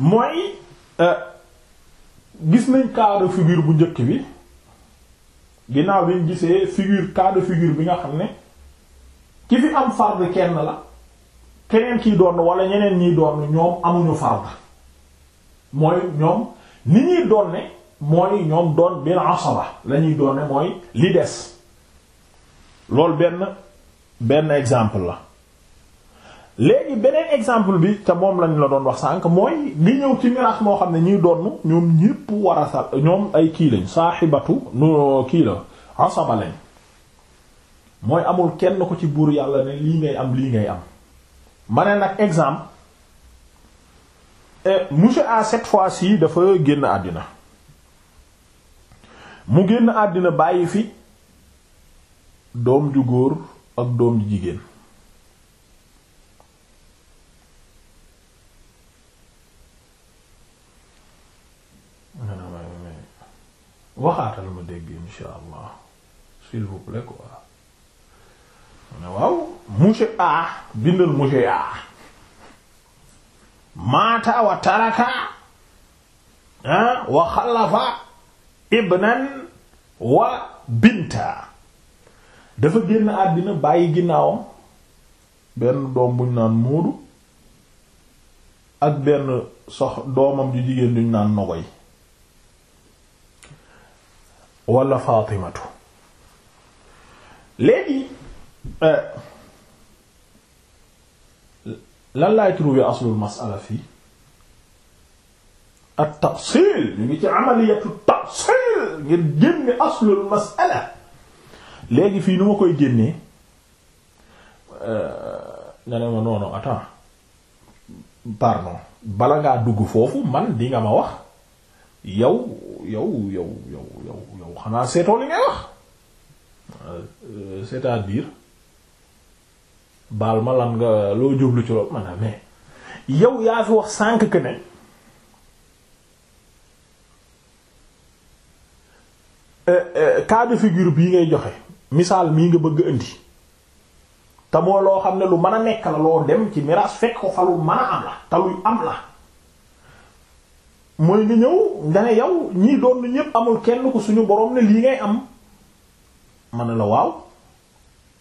mooy euh, gis nañ cas de bu njëkk bi ginnaaw bi ñu gisee figure cas de bi nga xam ne ki fi am farde kenn la keneen kii doon wala ñeneen ñiy doon ñoom amuñu farda mooy ñoom ni ñuy doon ne mooy ñoom doon benn asaba la ñuy doon ne mooy li des loolu benn benn exemple la léegi beneen exemple bi te moom lañ la doon wax sànq mooy li ñëw ci miraas moo xam ne ñuy doon ñoom ñépp war sa ñoom ay kii lañ saaxibatu nu kii la asaba lañ mooy amul kenn ko ci buur yàlla ne lii ngay am lii ngay am ma ne nag exemple eh, monsieur A cette fois-ci dafa génn àddina mu génn àddina bàyyi fi doom ju góor ak doom ju jigéen waxaatal ma dégg insha allah s'il vous plaît quoi waaw monsieur A bindal monsieur A maata wa taraka ah wa xalafa ibnan wa binta dafa génn àddina bàyyi ginnaawam benn doom buñ naan móodu ak benn sox doomam ju jigéen duñ naan nogoy wala Fatimatu léegi Euh, lan laay trouver aslul masala fii at tafsil ñu ngi ci amaliyatu tafsil ngir génne aslul masala léegi fii nu ma koy génnee euh, nga ne ma noonu attends pardon bala ngaa dugg foofu man di nga ma wax yow yow yow yow yow yow xanaa seetoo li ngay wax euh, cest à baal ma lan nga loo jublu ci loolu maanaam mais yow yaa fi wax sànq que ne euh, euh, cas de figure bii ngay joxe misaal mii nga bëgg indi te moo loo xam ne lu mën a nekk la loo dem ci miraas fekk ko fa lu a am la te luy am la mooy nga ñëw nga ne yow ñii doon lu ñépp amul kenn ko suñu borom ne lii ngay am ma ne la waaw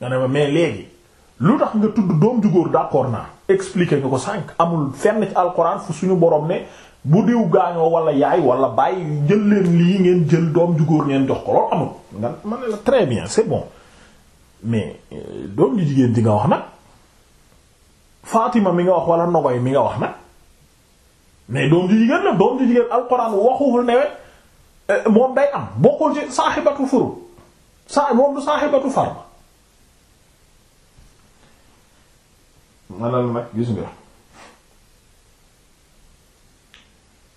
nga ne ma mais léegi. lu tax nga tudd doom ju góor d'accord naa expliquer nga ko sànq amul fenn ci alxuraan fu suñu borom ne bu diw gaañoo wala yaay wala bàyyi jël leen lii ngeen jël doom ju góor ngeen jox ko loolu amul nga man la très bien c'est bon mais euh, doom ju jigéen ji nga wax nag Fatima mi nga wax wala Nogoy mi nga wax nag mais doom ju jigéen la doom ju jigéen alxuraan waxuwul newe euh, moom day am bokkul ci saaxibatu furu saa moom du saaxibatu farma manal nag gis nga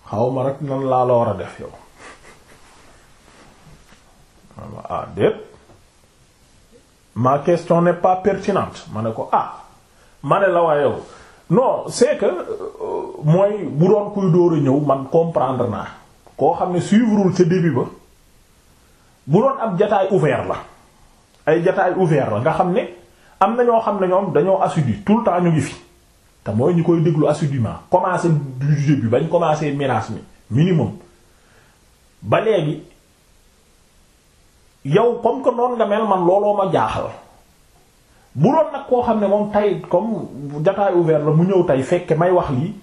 xawma rek nan laa la war a def yow ah, ma question n'est pas pertinente ma ne ko ah ma ne la waa yow non c'est que euh, mooy bu doon kuy dóor a ñëw man comprendre naa koo xam ne suivrewul ca début ba bu doon ab jataay ouvert la ay jataay ouvert la nga xam ne am na ñoo xam ne ñoom dañoo assidu tout le temps ñu ngi fi te mooy ñi koy déglu assidûment commencé du début bañ commencé miraas mi minimum ba léegi yow comme que noonu nga mel man looloo ma jaaxal bu doon nag koo xam ne moom tay comme jataay ouvert la mu ñëw tey fekke may wax lii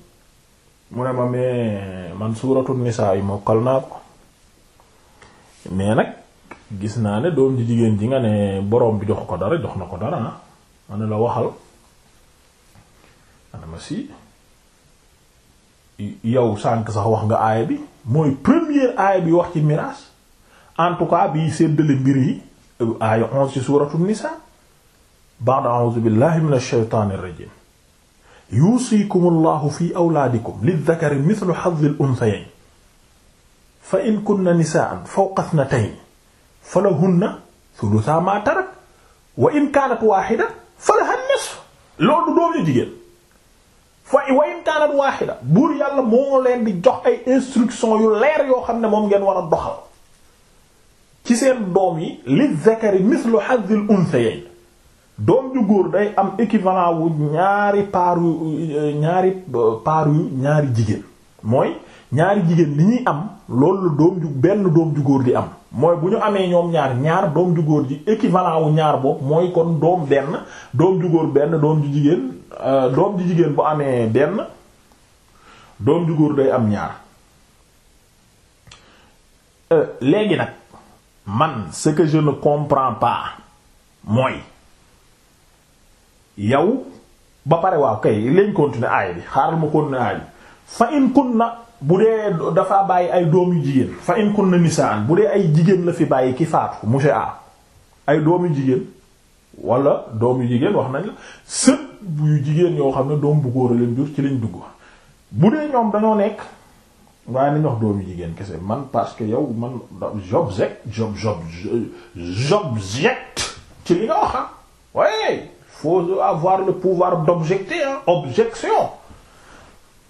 mu ne ma mais man suuratu nisaa yi mokkal naa ko mais nag gis naa ne doom ji jigéen ji nga ne borom bi jox ko dara jox na ko dara ah. ma ne la waxal ma ne ma si yow sànk sax wax nga aaya bi mooy première aaya bi wax ci miraas en tout cas bi séddale mbir yi aaya onze ci suuratu nisaa ba'da a'uuzu billahi minash shaytaanir rajiim yuusikumullahu fi awlaadikum lizzakari mithlu hazzil unsayayni fa in kunna nisaa'an fawqa ithnatayni falahunna thuluthaa maa tarak wa in kaanat waahida falaha nisf loolu doom yu jigéen fa wa waaxida buur yàlla moo leen di jox ay instruction yu leer yoo xam ne moom ngeen war a doxal ci seen doom yi li zakari mislu hazzil unsayayn doom ju góor day am équivalent wu ñaari paar yu ñaari paar yu ñaari jigéen mooy ñaari jigéen li ñuy am loolu doom ju benn doom ju góor di am mooy bu ñu amee ñoom ñaar ñaar doom ju góor ji équivalent wu ñaar boobu mooy kon doom benn doom jugóor benn doom ju jigéen euh, doom ju jigéen bu amee benn doom ju góor day am ñaar euh, léegi nag man ce que je ne comprends pas mooy yow ba pare waa kay leen continuer aay bi xaaral ma continuer aay bi fa in kunna bu dee dafaa bàyyi ay doom yu jigéen fa in kunna nisaan bu dee ay jigéen la fi bàyyi ki faatu monsieur A ay doom yu jigéen wala doom yu jigéen wax nañ la sët yu jigéen yoo xam ne doom bu góor a leen jur ci lañ dugg bu dee ñoom dañoo nekk waaye nañ wax doom yu jigéen kese man parce que yow man j'objecte j'ob j'ob j'objecte ci li nga wax ah oui faut avoir le pouvoir d'objecter ah objection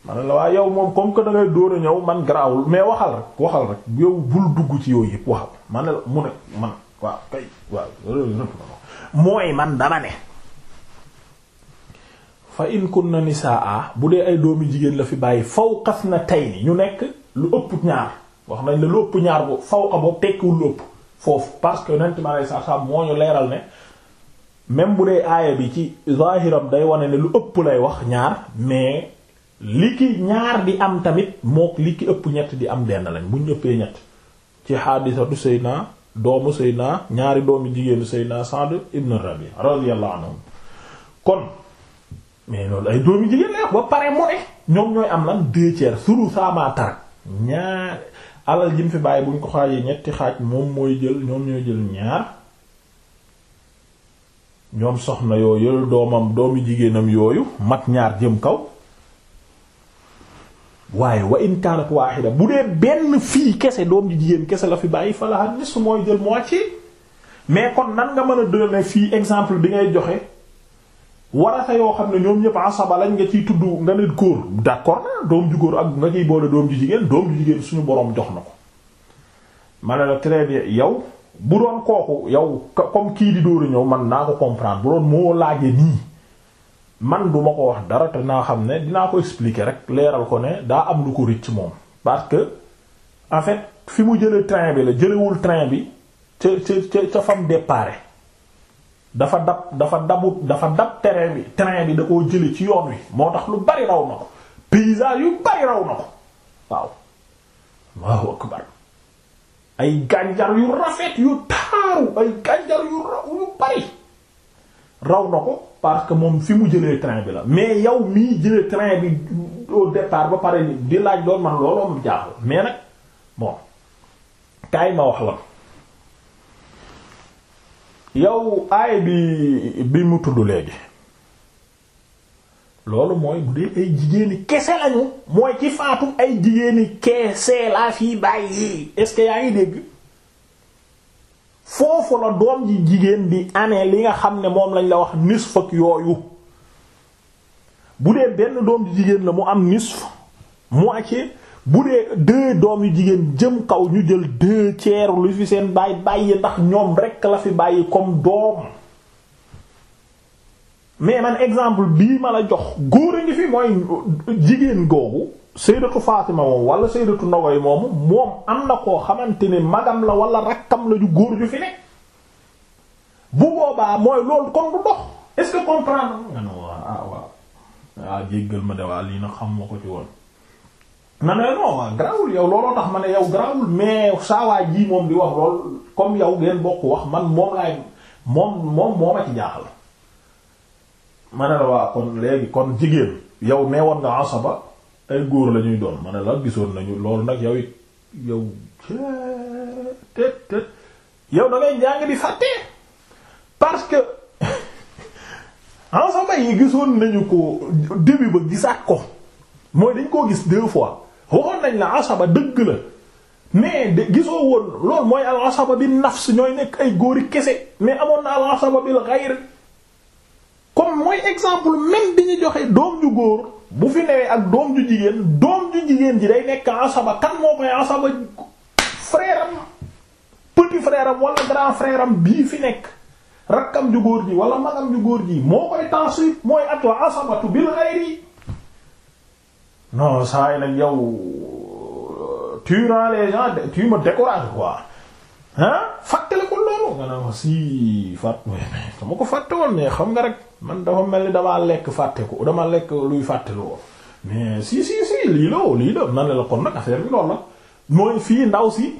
man la waa yow moom comme que da ngay dóor a ñëw man garaawul mais waxal rek waxal rek yow bul dugg ci yow yëpp waxal man la mu ne man waaw kay waaw mooy man dama ne bu dee ay doomi jigéen la fi bàyyi faw xas na tey ni ñu nekk lu ëpp ñaar wax nañ la lu ñaar boobu faw a boobu foofu parce que yonent ma lay moo ñu leeral ne même bu dee aaya bi ci zaahiram day wane ne lu ëpp lay wax ñaar mais li ki ñaar di am tamit mook li ki ëpp ñett di am denn lañ buñ ëppee ñett ci xaadisatu Seydina doomu Seydina ñaari doomu jigéenu Seydina Sa'd ibn Rabi radiyallahu anhu kon mais loolu ay doomu jigéen ñoom ñooy am lan deux tiers suru sama tarak ñaar alal jim fi bàyyi buñ ko xaajee ñetti xaaj moom mooy jël ñoom ñooy jël ñaar ñoom soxna yooyu doomam doomu jigéenam yooyu mat ñaar jëm kaw waaye wa in kaanat waaxida bu dee benn fii kese doom ji jigéen kese la fi bàyyi falaha su mooy jël moitié mais kon nan nga mën a donner fii exemple bi ngay joxe sa yoo xam ne ñoom ñëpp asaba lañ nga ciy tudd nga ne góor d'accord na doom ju góor ak nga ciy boole doom ju jigéen doom ju jigéen suñu boroom jox na ko ma ne la très bien yow bu doon kooku yow comme kii di dóoru ñëw man naa ko comprendre bu doon moo laajee nii man ma ko wax dara te naa xam ne dinaa ko expliquer rek leeral ko ne daa am lu ko rëcc moom parce que en fait fi mu jële train bi la jëlewul train bi ca ca ca fam départ dafa dab dafa dabut dafa dab terrain bi train bi da koo jële ci yoon wi moo tax lu bari raw na ko paysage yu bari raw na ko waaw Allahu akbar ay gànjar yu rafet yu taaru ay gànjar yu raw yu bari raw na ko parce que moom fi mu jëlee train bi la mais yow mii jëlee train bi au départ ba pare di laaj loolu man looloo mu jaaxal mais nag bon kaay ma wax la yow aay bi bi mu tudd léegi loolu mooy bu dee ay jigéeni kese lañu mooy ci faatu ay jigéeni kese laa fii bàyyi est yaa ngi dégg foofu la doom ji jigéen di amee li nga xam ne moom lañ la wax nisf ak yooyu bu dee benn doom ji jigéen la mu am nisf moitié bu dee deux doom yu jigéen jëm kaw ñu jël deux tiers lu fi seen bàyyi bàyyi ndax ñoom rekk la fi bàyyi comme doom mais man exemple bii ma la jox góor a ngi fi mooy jigéen googu sayyidatu Fatima moom wala sayyidatu Nogoy moomu moom am na koo xamante ne magam la wala rakkam la ju góor ju fi ne bu boobaa mooy loolu kon du dox est-ce que comprendre nga ne waaw ah, waaw ah jéggal ma de waa lii nag xam yow looloo tax ma ne yow garaawul mais saa waa ji moom di wax lool comme yow ngeen bokk wax man moom laay moom moom moo ma ci jaaxal. ma ne la waa kon léegi kon jigéen yow neewoon nga asaba ay góor la ñuy doon ma ne la gisoon nañu loolu nag yow it yow te te yow da ngay njàng di parce que ensemble yi gisoon nañu ko début ba gisaat ko mooy dañ koo gis deux waxoon nañ la asaba dëgg la mais de gisoo woon loolu mooy al bi bi nafs ñooy nekk ay góori kese mais amoon na al bil ghayr comme mooy exemple même bi ñu joxe doom ju góor. bu fi newee ak doom ju jigéen doom ju jigéen ji day nekk asaba kan moo koy asaba frère am petit frère am wala grand frère am bii fi nekk rakkam ju góor ji wala magam ju góor ji moo koy taasib mooy at wa asabatu bil xayri non saa yi nag yow euh, tu rends les gens ma me décourages quoi ah fàttali ko loolu nga naa ma si fàtt ma ko fàtte woon mais xam nga rek man dafa mel ni damaa lekk fàtte ko dama lekk luy fàtte loo mais si si si lii la lii la nan la kon nag affaire bi loolu la mooy fii ndaw si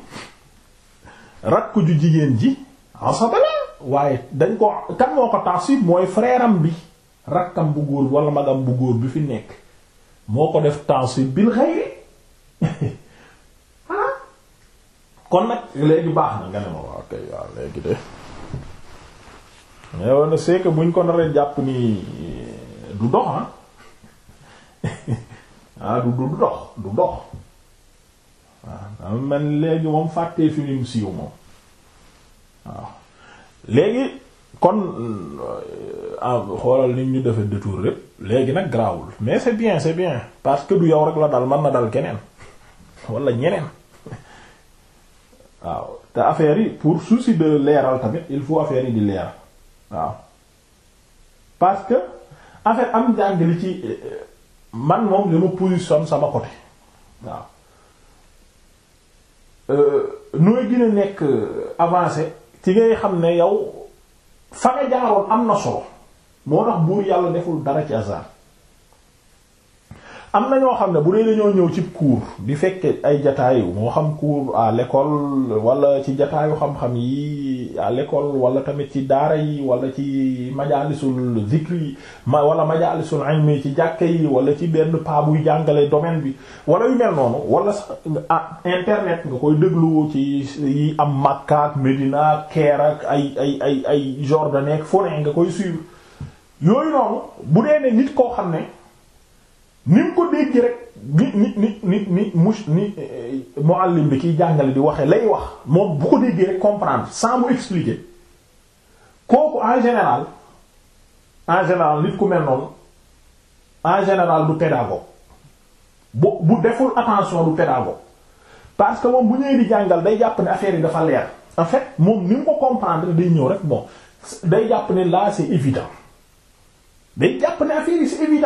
rakk ju jigéen ji asaba waaye dañ ko kan moo ko taasib mooy frère bi rakkam bu góor wala magam bu góor bi fi nekk moo ko def taasib bil xayri ah. kon nag léegi baax na nga ne ma waaw léegi de mais woon c'est que buñ ko naree jàpp ni du dox ah ah du dox du dox waaw ah, man léegi moom fàttee fi mu siiw moom waaw ah. léegi kon euh, ah, xoolal nit ñu defe détour rek léegi nag grawul mais c'est bien c'est bien parce que du yow rek la dal man na dal keneen wala ñeneen waaw te affaire yi pour souci de leeral tamit il faut affaire yi di leeral waaw parce que en fait am njàng ci euh, man moom dama position sama côté waaw euh, nooy gën nekk euh, avancé ci ngay xam ne yow fa nga jaaroon am na solo moo tax buur yàlla deful dara ci hasard am na ñoo xam ne bu dee ñoo ñëw ci cours di fekke ay jataayu moo xam cours à l'école wala ci jataayu xam-xam yi à l'école wala tamit ci daara yi wala ci majalisul zikri yi ma wala majalisul ilmi ci jàkke yi wala ci benn pa buy jàngale domaine bi wala yu mel noonu wala ah internet nga koy déglu ci yi am Makka ak Medina ak Caire ak ay ay ay ay Jordan ak fu ne nga koy suivre yooyu noonu bu dee ne nit koo xam ne ni ko dégg rek ni ni ni ni ni mus ni eh, muallim bi kiy jàngale di waxee lay wax moom bu ko déggee rek comprendre sans mu expliquer kooku en général en général nit ku mel noonu en général du pédagogue bu bu deful attention du pédagogue parce que moom bu ñëwee di jàngal day jàpp ne affaire yi dafa leer en fait moom ni ko comprendre day ñëw rek bon day jàpp ne là c'est évident day jàpp ne affaire yi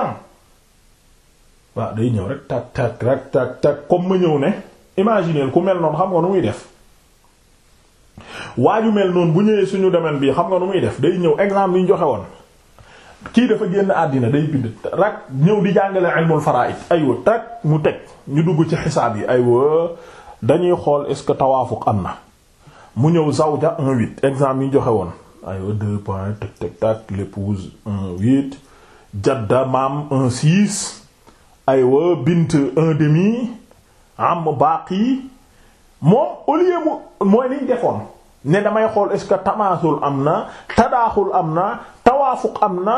waaw day ñëw rek tak tak rek tak tak comme ma ñëw ne imaginez ku mel noonu xam nga nu muy def waaju mel noonu bu ñëwee suñu domaine bi xam nga nu muy def day ñëw exemple yi ñu joxe woon kii dafa génn àddina day bind ñëw di jàngale ilmul faraa'id aywa tak mu teg ñu dugg ci xisaab yi aywa dañuy xool est-ce que tawaafuq am na mu ñëw zawja 1-8 exemple yi joxe woon aywa 2 point teg teg tak l'épouse 1 jadda maam 1 aywa bint un demi am baaqi moom au lieu mu mooy niñ defoon ne damay xool est-ce que tamaasul am na tadaaxul am na tawaafuq am na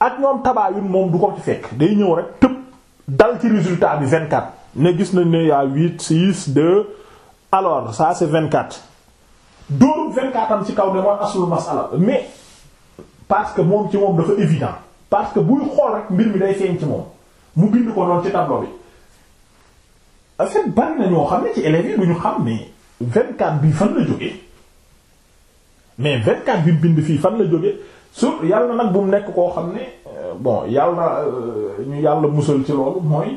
ak ñoom tabaayun moom du ko ci fekk day ñëw rek tëb dal ci résultat bi 24 ne gis na ne yaa de 6 2 alors ça c'est 24 dóorub 24 am ci kaw ne mooy aslul masala mais parce que moom ci moom dafa évident parce que buy xool rek mbir mi day feeñ ci moom mu bind ko noonu ci tableau bi en fait bari ñoo xam ne ci élèves yi du ñu xam ne vingt-quatre bi fan la jógee mais vingt-quatre bi bind fii fan la jóge su yàlla nag bu mu nekk koo xam ne euh, bon yàlla euh, ñu yàlla musal ci loolu mooy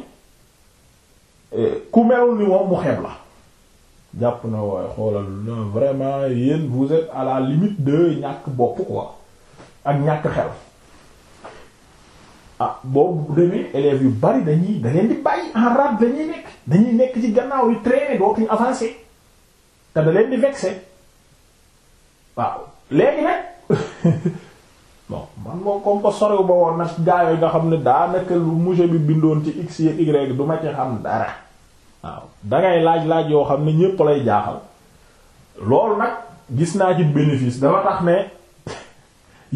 euh, ku melul ni moom mu xeeb la jàpp na waaye xoolal vraiment yéen vous êtes à la limite de ñàkk bopp quoi ak ñàkk xel ah boobu demee élèves yu bari dañuy da di bàyyi en rade dañuy nekk dañuy nekk ci gannaaw yu traîner dootuñu avancer te da leen di vexer waaw léegi nag bon man moom comme ko sorew ba woon nag gaa yi nga xam ne daanaka lu monsieur bi bindoon ci x y y du ma ci xam dara waaw dangay laaj laaj yoo xam ne ñépp lay jaaxal loolu nag gis naa ci bénéfice dafa tax ne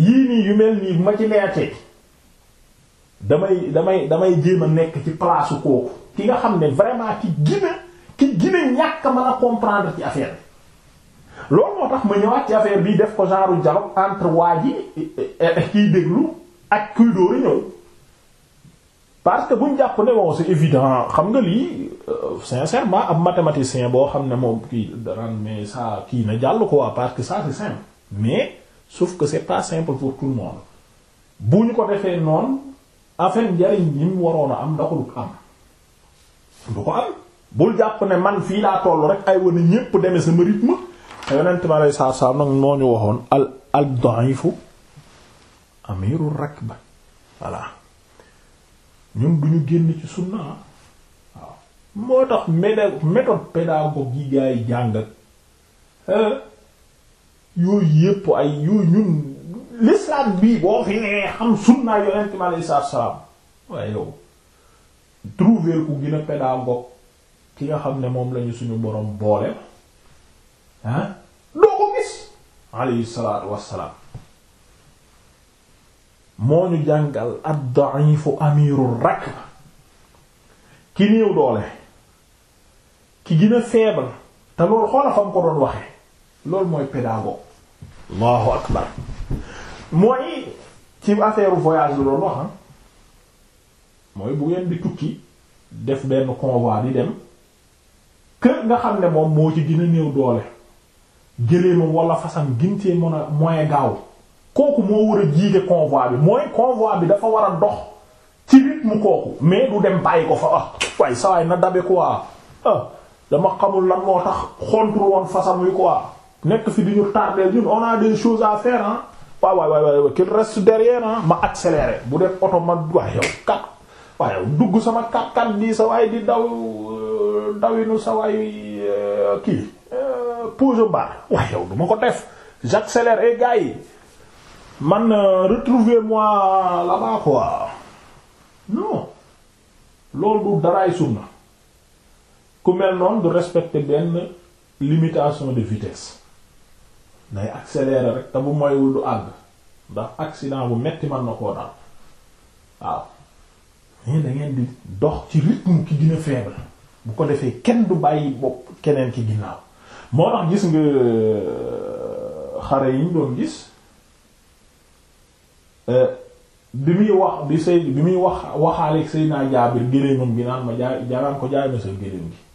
yii nii yu mel nii bu ma ci leertee damay damay damay jéem a nekk ci place kooku ki nga xam ne vraiment ki gina ki gina ñàkk mën a comprendre ci affaire bi loolu moo tax ma ñëwaat ci affaire bi def ko genre dialogue entre waa ji eh, eh, kiy déglu ak kuy dóor ñëw parce que buñ jàpp ne bon si évident xam nga lii euh, sincèrement ab mathématicien boo xam ne moom kii daraan mais ça kii na jàll ko quoi parce que ça c'est simple mais sauf que c'est pas simple pour tout le monde bu ñu ko defee noonu. affaire njariñ yi waroon am ndaxul am du ko am bul jàpp ne man fii laa toll rek ay wane ñépp demee sama rythme te yonent ma lay saar saar nag moo ñu waxoon al al da'ifu amirul rakba voilà ñun du ñu génn ci sunna ah. waaw moo tax méthode pédagogique yi gaa yi jàng eh, yooyu yépp ay yooyu ñun l'islam bii boo fi nee xam sunna yonent mi alayhi salaatu salaam waaye yow trouver ku gën a ki nga xam ne moom lañu suñu borom boole ah doo ko gis moo ñu jàngal ak daifu amirur rakb ki néew doole ki gën a te loolu xoola fa ko doon waxe loolu mooy pédagogue allahu akbar mooy ci affaire voyage la doon mooy bu ngeen di tukki def benn convoi di dem kër nga xam ne moom moo ci gën a néew doole gëléemam wala fasam gintee mën a moyen gaaw kooku moo war a jiite convoi bi mooy convoi bi dafa war a dox ci rythme kooku mais du dem bàyyi ko fa waaye ah, sawaay na dabe quoi ah dama xamul lan moo tax xontul woon fasam wi quoi nekk fi di ñu tardé ñun on a des à faire ah waaw waay waay waay qu'il reste derrière ah ma accéléré bu def oto ma waay yow kat waay yow dugg sama kat kat bi sa waay di daw euh, dawinu sa waay euh, kii euh, pause bar waay yow du ko def j'accélère et eh, gars yi man retrouvez-moi là-bas quoi non loolu du daraay sunna ku mel noonu du respecter benn limitation de vitesse nay accélérer rek te bu moywul du àgg ndax accident bu metti man na koo dal waaw mais da ngeen di dox ci rythme ki gën a bu ko defee kenn du bàyyi bopp keneen ki ginnaaw moo tax gis nga euh, xare yi ñu doon gis euh, bi muy wax bi say bi muy wax waxaale Seydina Jaabir gëléemam gi naan ma jaay jaaraan ko jaay ma sa gëléem gi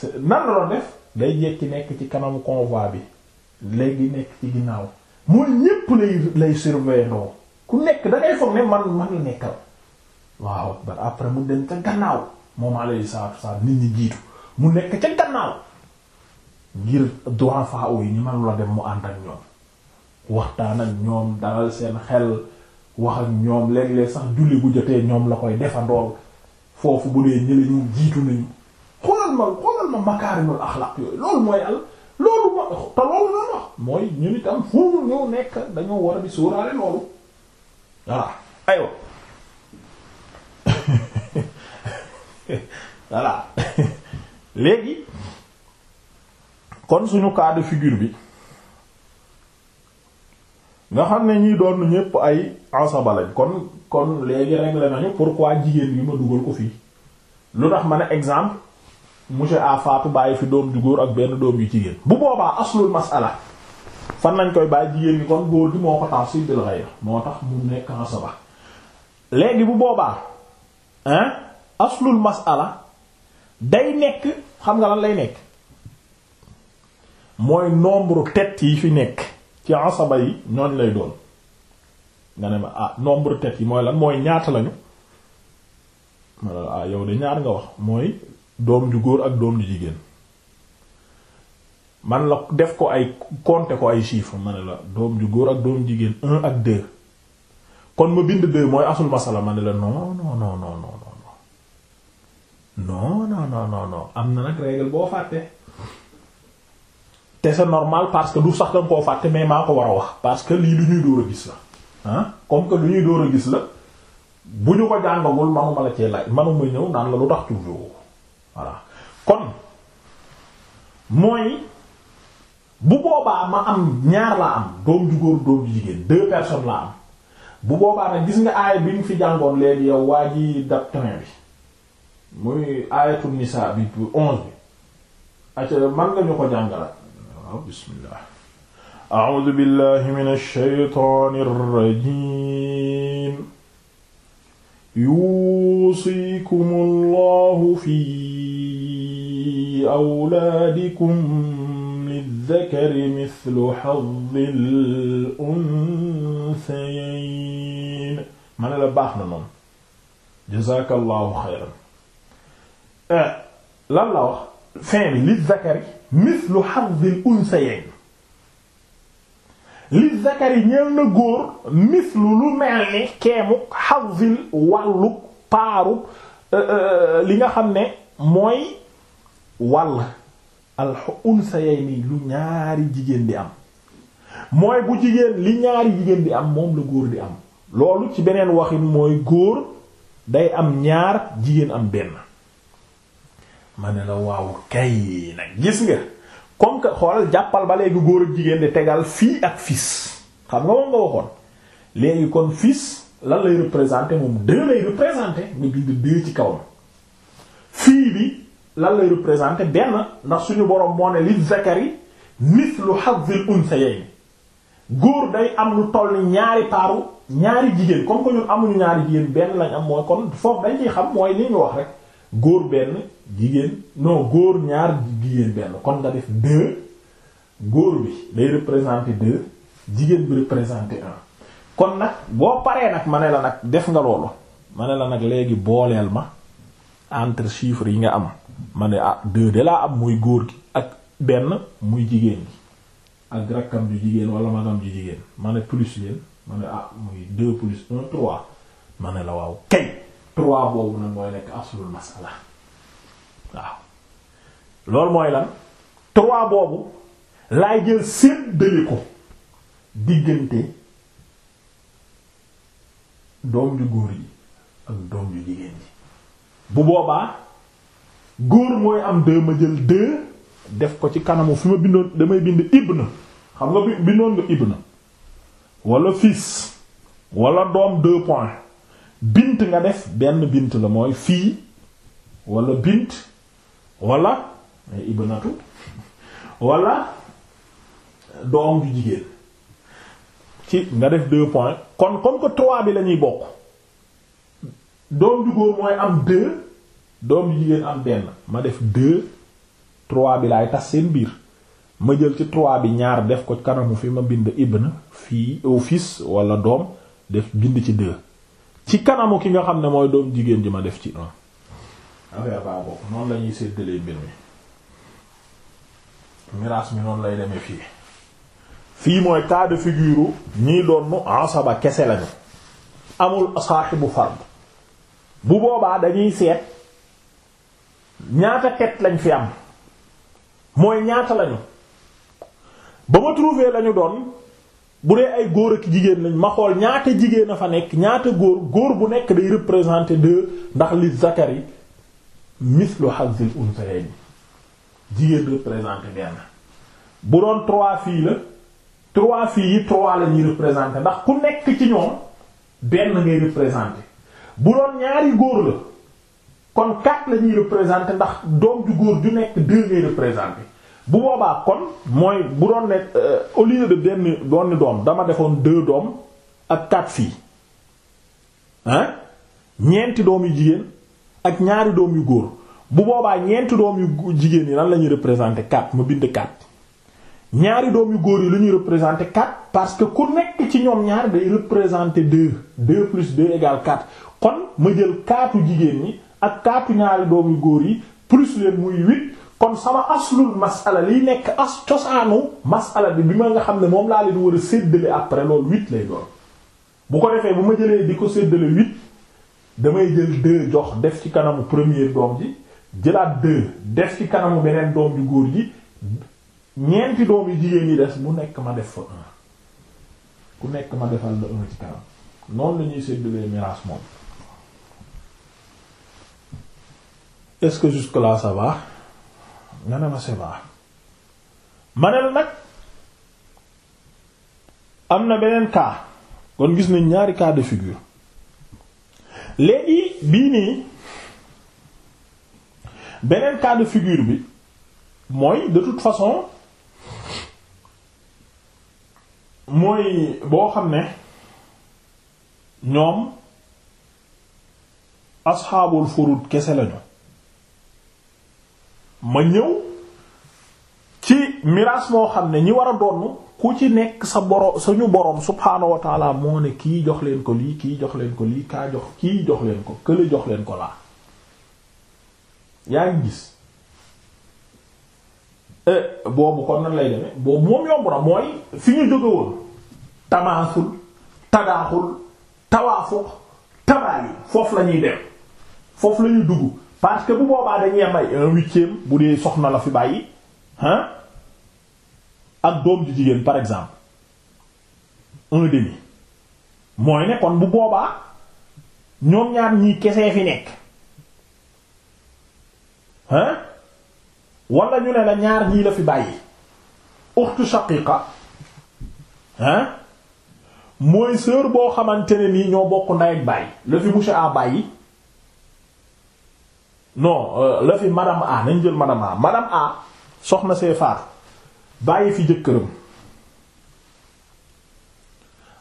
nan la def day jekki nekk ci kanamu convoi bi léegi nekk ci ginnaaw mooy ñépp lay lay surveiller doo ku nekk da ngay foog ne man la nekkal waaw ba après mu dem ca gannaaw moom alayhi salaatu wasalaam nit ñi jiitu mu nekk ca gannaaw ngir doyen faaw yi ñu man la dem mu ànd ak ñoom waxtaan ak ñoom dalal seen xel wax ak ñoom léeg-léeg sax julli bu jotee ñoom la koy defandool foofu bu dee ñële ñu jiitu nañu xoolal ma ma makaarimul axlaaq yooyu loolu mooy al loolu ma te loolu mooy ñu nit am foofu ñoo nekk dañoo war a di sóoraale loolu voilà aywa voilà léegi kon suñu cas de bi nga xam ne ñii doon ñépp ay asaba lañ kon kon léegi réglé nañu pourquoi jigéen bi ma dugal ko fii lu tax ma ne exemple monsieur a faatu bàyyi fi doom ju góor ak benn doom yu jigéen bu boobaa aslul masala fan nañ koy bàyyi jigéen ñi kon góor gi moo ko tax si bil moo tax mu nekk asaba léegi bu boobaa hein aslul masala day nekk xam nga lan lay nekk mooy nombre tête yi fi nekk ci asaba yi ñooñ lay doon nga ne ma ah nombre tête yi mooy lan mooy ñaata lañu ah, yow de ñaar nga wax mooy doom ju góor ak doom ju jigéen man la def ko ay compter ko ay chiffres ma ne la doom ju góor ak doom jigéen un ak deux kon ma bind deux mooy asul masala ma ne la non non non non non non non non non non am na nag règle boo fàtte te c'est normal parce que du sax danga koo fàtte mais maa ko war a wax parce que lii lu ñuy dóor a gis la ah comme que lu ñuy dóor a gis la bu ñu ko jàngagul manuma la cee laaj manuma ñëw naan la lu tax tur voilà kon mooy bu boobaa ma am ñaar la am doom ju doom jigéen deux personnes la am bu boobaa nag gis nga aaya bi ñu fi jàngoon léegi yow waa ji dab bi muy ayatul nisa bi onze bi ac man nga ñu ko jàngalaat waaw bismillah a'udhu billahi minash shaytanir rajim yuusikumullahu fi li awlaadikum lizzakari mislu hazzil unsayayn ma ne la baax na noonu jazaakallaahu xayran eh, lan la wax fin bi lizzakari mislu hazzil unsayayn lizzakari ñeel na góor mislu lu mel ni keemuk hazzil wàlluk paaru eh, eh, li nga xam ne mooy wàll al unsayayni lu ñaari jigéen di am mooy bu jigéen li ñaari jigéen di am moom la góor di am loolu ci beneen waxin mooy góor day am ñaar jigéen am benn ma ne la waaw kay nag gis nga comme que xoolal jàppal ba léegi góor ak jigéen di tegal fii ak fils xam nga moom nga waxoon léegi kon fils lan lay représenté moom deux lay représenter nga bind deux ci kawam fii bi lan lay représenter benn ndax suñu borom moo ne li zakari mithlu hazzil unsayayni góor day am lu toll ñaari paaru ñaari jigéen comme que ñun amuñu ñaari jigéen benn lañ am mooy kon foofu dañ ciy xam mooy li ñu wax rek góor benn jigéen noo góor ñaar jigéen benn kon nga def deux góor bi day représenter deux jigéen bi représenter un kon nag boo paree nag ma ne la nag def nga loolu ma ne la nag léegi booleel ma entre chiffres yi nga am ma ne ah deux de laa am muy góor gi ak benn muy jigéen gi ak rakkam ju jigéen wala magam ju jigéen ma ne plus leen ma ne ah muy deux plus un trois ma ne la waaw kay trois boobu nag mooy nekk aslul masala waaw loolu mooy lan trois boobu laay jël séddale ko diggante doom ju góor yi ak doom ju jigéen ji bu boobaa góor mooy am deux ma jël deux def ko ci kanamu fi ma bindoon damay bind ibna xam nga bindoon nga ibna wala fils wala doom deux points bint nga def benn bint la mooy fii walla bint wala ibnatu wala doom ju jigéen ci nga def deux points kon comme que trois bi lañuy bokk doom ju mooy am deux doom ju jigéen am benn ma def deux trois bi laay tas seen biir ma jël ci trois bi ñaar def ko kanamu fi ma bind ibn fii au fils wala doom def bind ci deux ci kanamu ki nga xam ne mooy doom jigéen ji ma def ci un affaire baa boobu noonu lañuy séddalee mbir mi miraas mi noonu lay deme fii fii mooy cas de figure ñiy asaba kese lañu amul saaxibu fard bu boobaa dañuy seet ñaata xeet lañ fi am mooy ñaata lañu ba ma trouvé lañu doon bu dee ay góor ak jigéen lañ ma xool ñaata jigéen a fa nekk ñaata góor góor bu nekk day représenter deux ndax li zakari mislu hazil unsayayn jigéen représenter benn bu doon trois fii la trois filles yi trois la représenter ndax ku nekk ci ñoom benn ngay représenter bu doon ñaari góor la kon quatre la ñuy représenter ndax doom ju góor ju nekk deux ngay représenter bu boobaa kon mooy bu doon ne euh, au lieu de benn doon doom dama defoon deux doom ak quatre filles hein ñeenti doom yu jigéen ak ñaari doom yu góor bu boobaa ñeenti doom yu jigéen yi lan la ñuy représenter quatre ma bind quatre ñaari doom yu góor yi lu ñuy représenter quatre parce que ku nekk ci ñoom ñaar day représenter deux deux plus deux égale quatre kon ma jël kaatu jigéen ñi ak kaatu ñaari doom yu góor yi plus leen muy huit kon sama aslul masala liy nekk as cosaanu masala bi bi ma nga xam ne moom laa du war a séddale après loolu huit lay doon bu ko defee bu ma jëlee di ko séddale huit damay jël deux jox def ci kanamu premier doom ji jëlaat deux def ci kanamu beneen doom ju góor ji ñeenti doom yu jigéen yi des bu nekk ma def fa un ku nekk ma defal la un ci kanam noonu la ñuy séddalee moom est-ce que jusque là ça va nga ne ma c'est va ma la nag am na beneen cas kon gis nañ ñaari cas de figure léegi bii nii beneen cas de figure bi mooy de toute façon mooy boo xam ne ñoom asxaabul furud kese lañu ma ñëw ci miraas moo xam ne ñi war a doon ku ci nekk sa borom suñu borom subhaanahu wa taala moo ne kii jox leen ko lii kii jox leen ko lii kaa jox kii jox leen ko kële jox leen ko laa yaa ngi gis eh, boobu kon nan lay demee boobu moom yomb na mooy fi ñu jóge tamaasul tadaaxul tawaafuq tabaali foofu lañuy ñuy dem foofu lañuy ñuy parce que bu boobaa dañuy am ay un huitième bu dee soxna la fi bàyyi hein ak doom ju jigéen par exemple un demi mooy ne kon bu boobaa ñoom ñaar ñii kesee fi nekk hein wala ñu ne la ñaar ñii la fi bàyyi uxtu shaqiqa hein mooy sœur boo xamante ne nii ñoo bokk ndey ak baay la fi monsieur a bàyyi non euh, la fi madame A nañ jël madame A madame A soxna see faatu bàyyi fi jëkkëram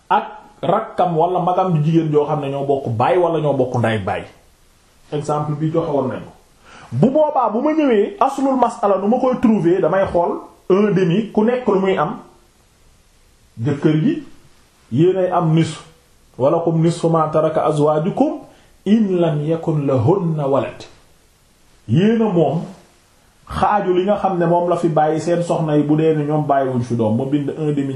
ak rakkam wala magam jigéen joo xam ne ñoo bokk bàyyi wala ñoo bokk nday baay exemple bi joxe woon nañu bu boobaa bu ma ñëwee aslul masala nu ma koy trouver damay xool un ku nekk lu muy am jëkkër gi yéenay am nisf wala kum nisfu ma taraka azwajukum in lam yakun lahunna walad yéena moom xaaju li nga xam ne moom la fi bàyyi seen soxna yi bu dee ne ñoom bàyyiwul fi doom ba bind un ci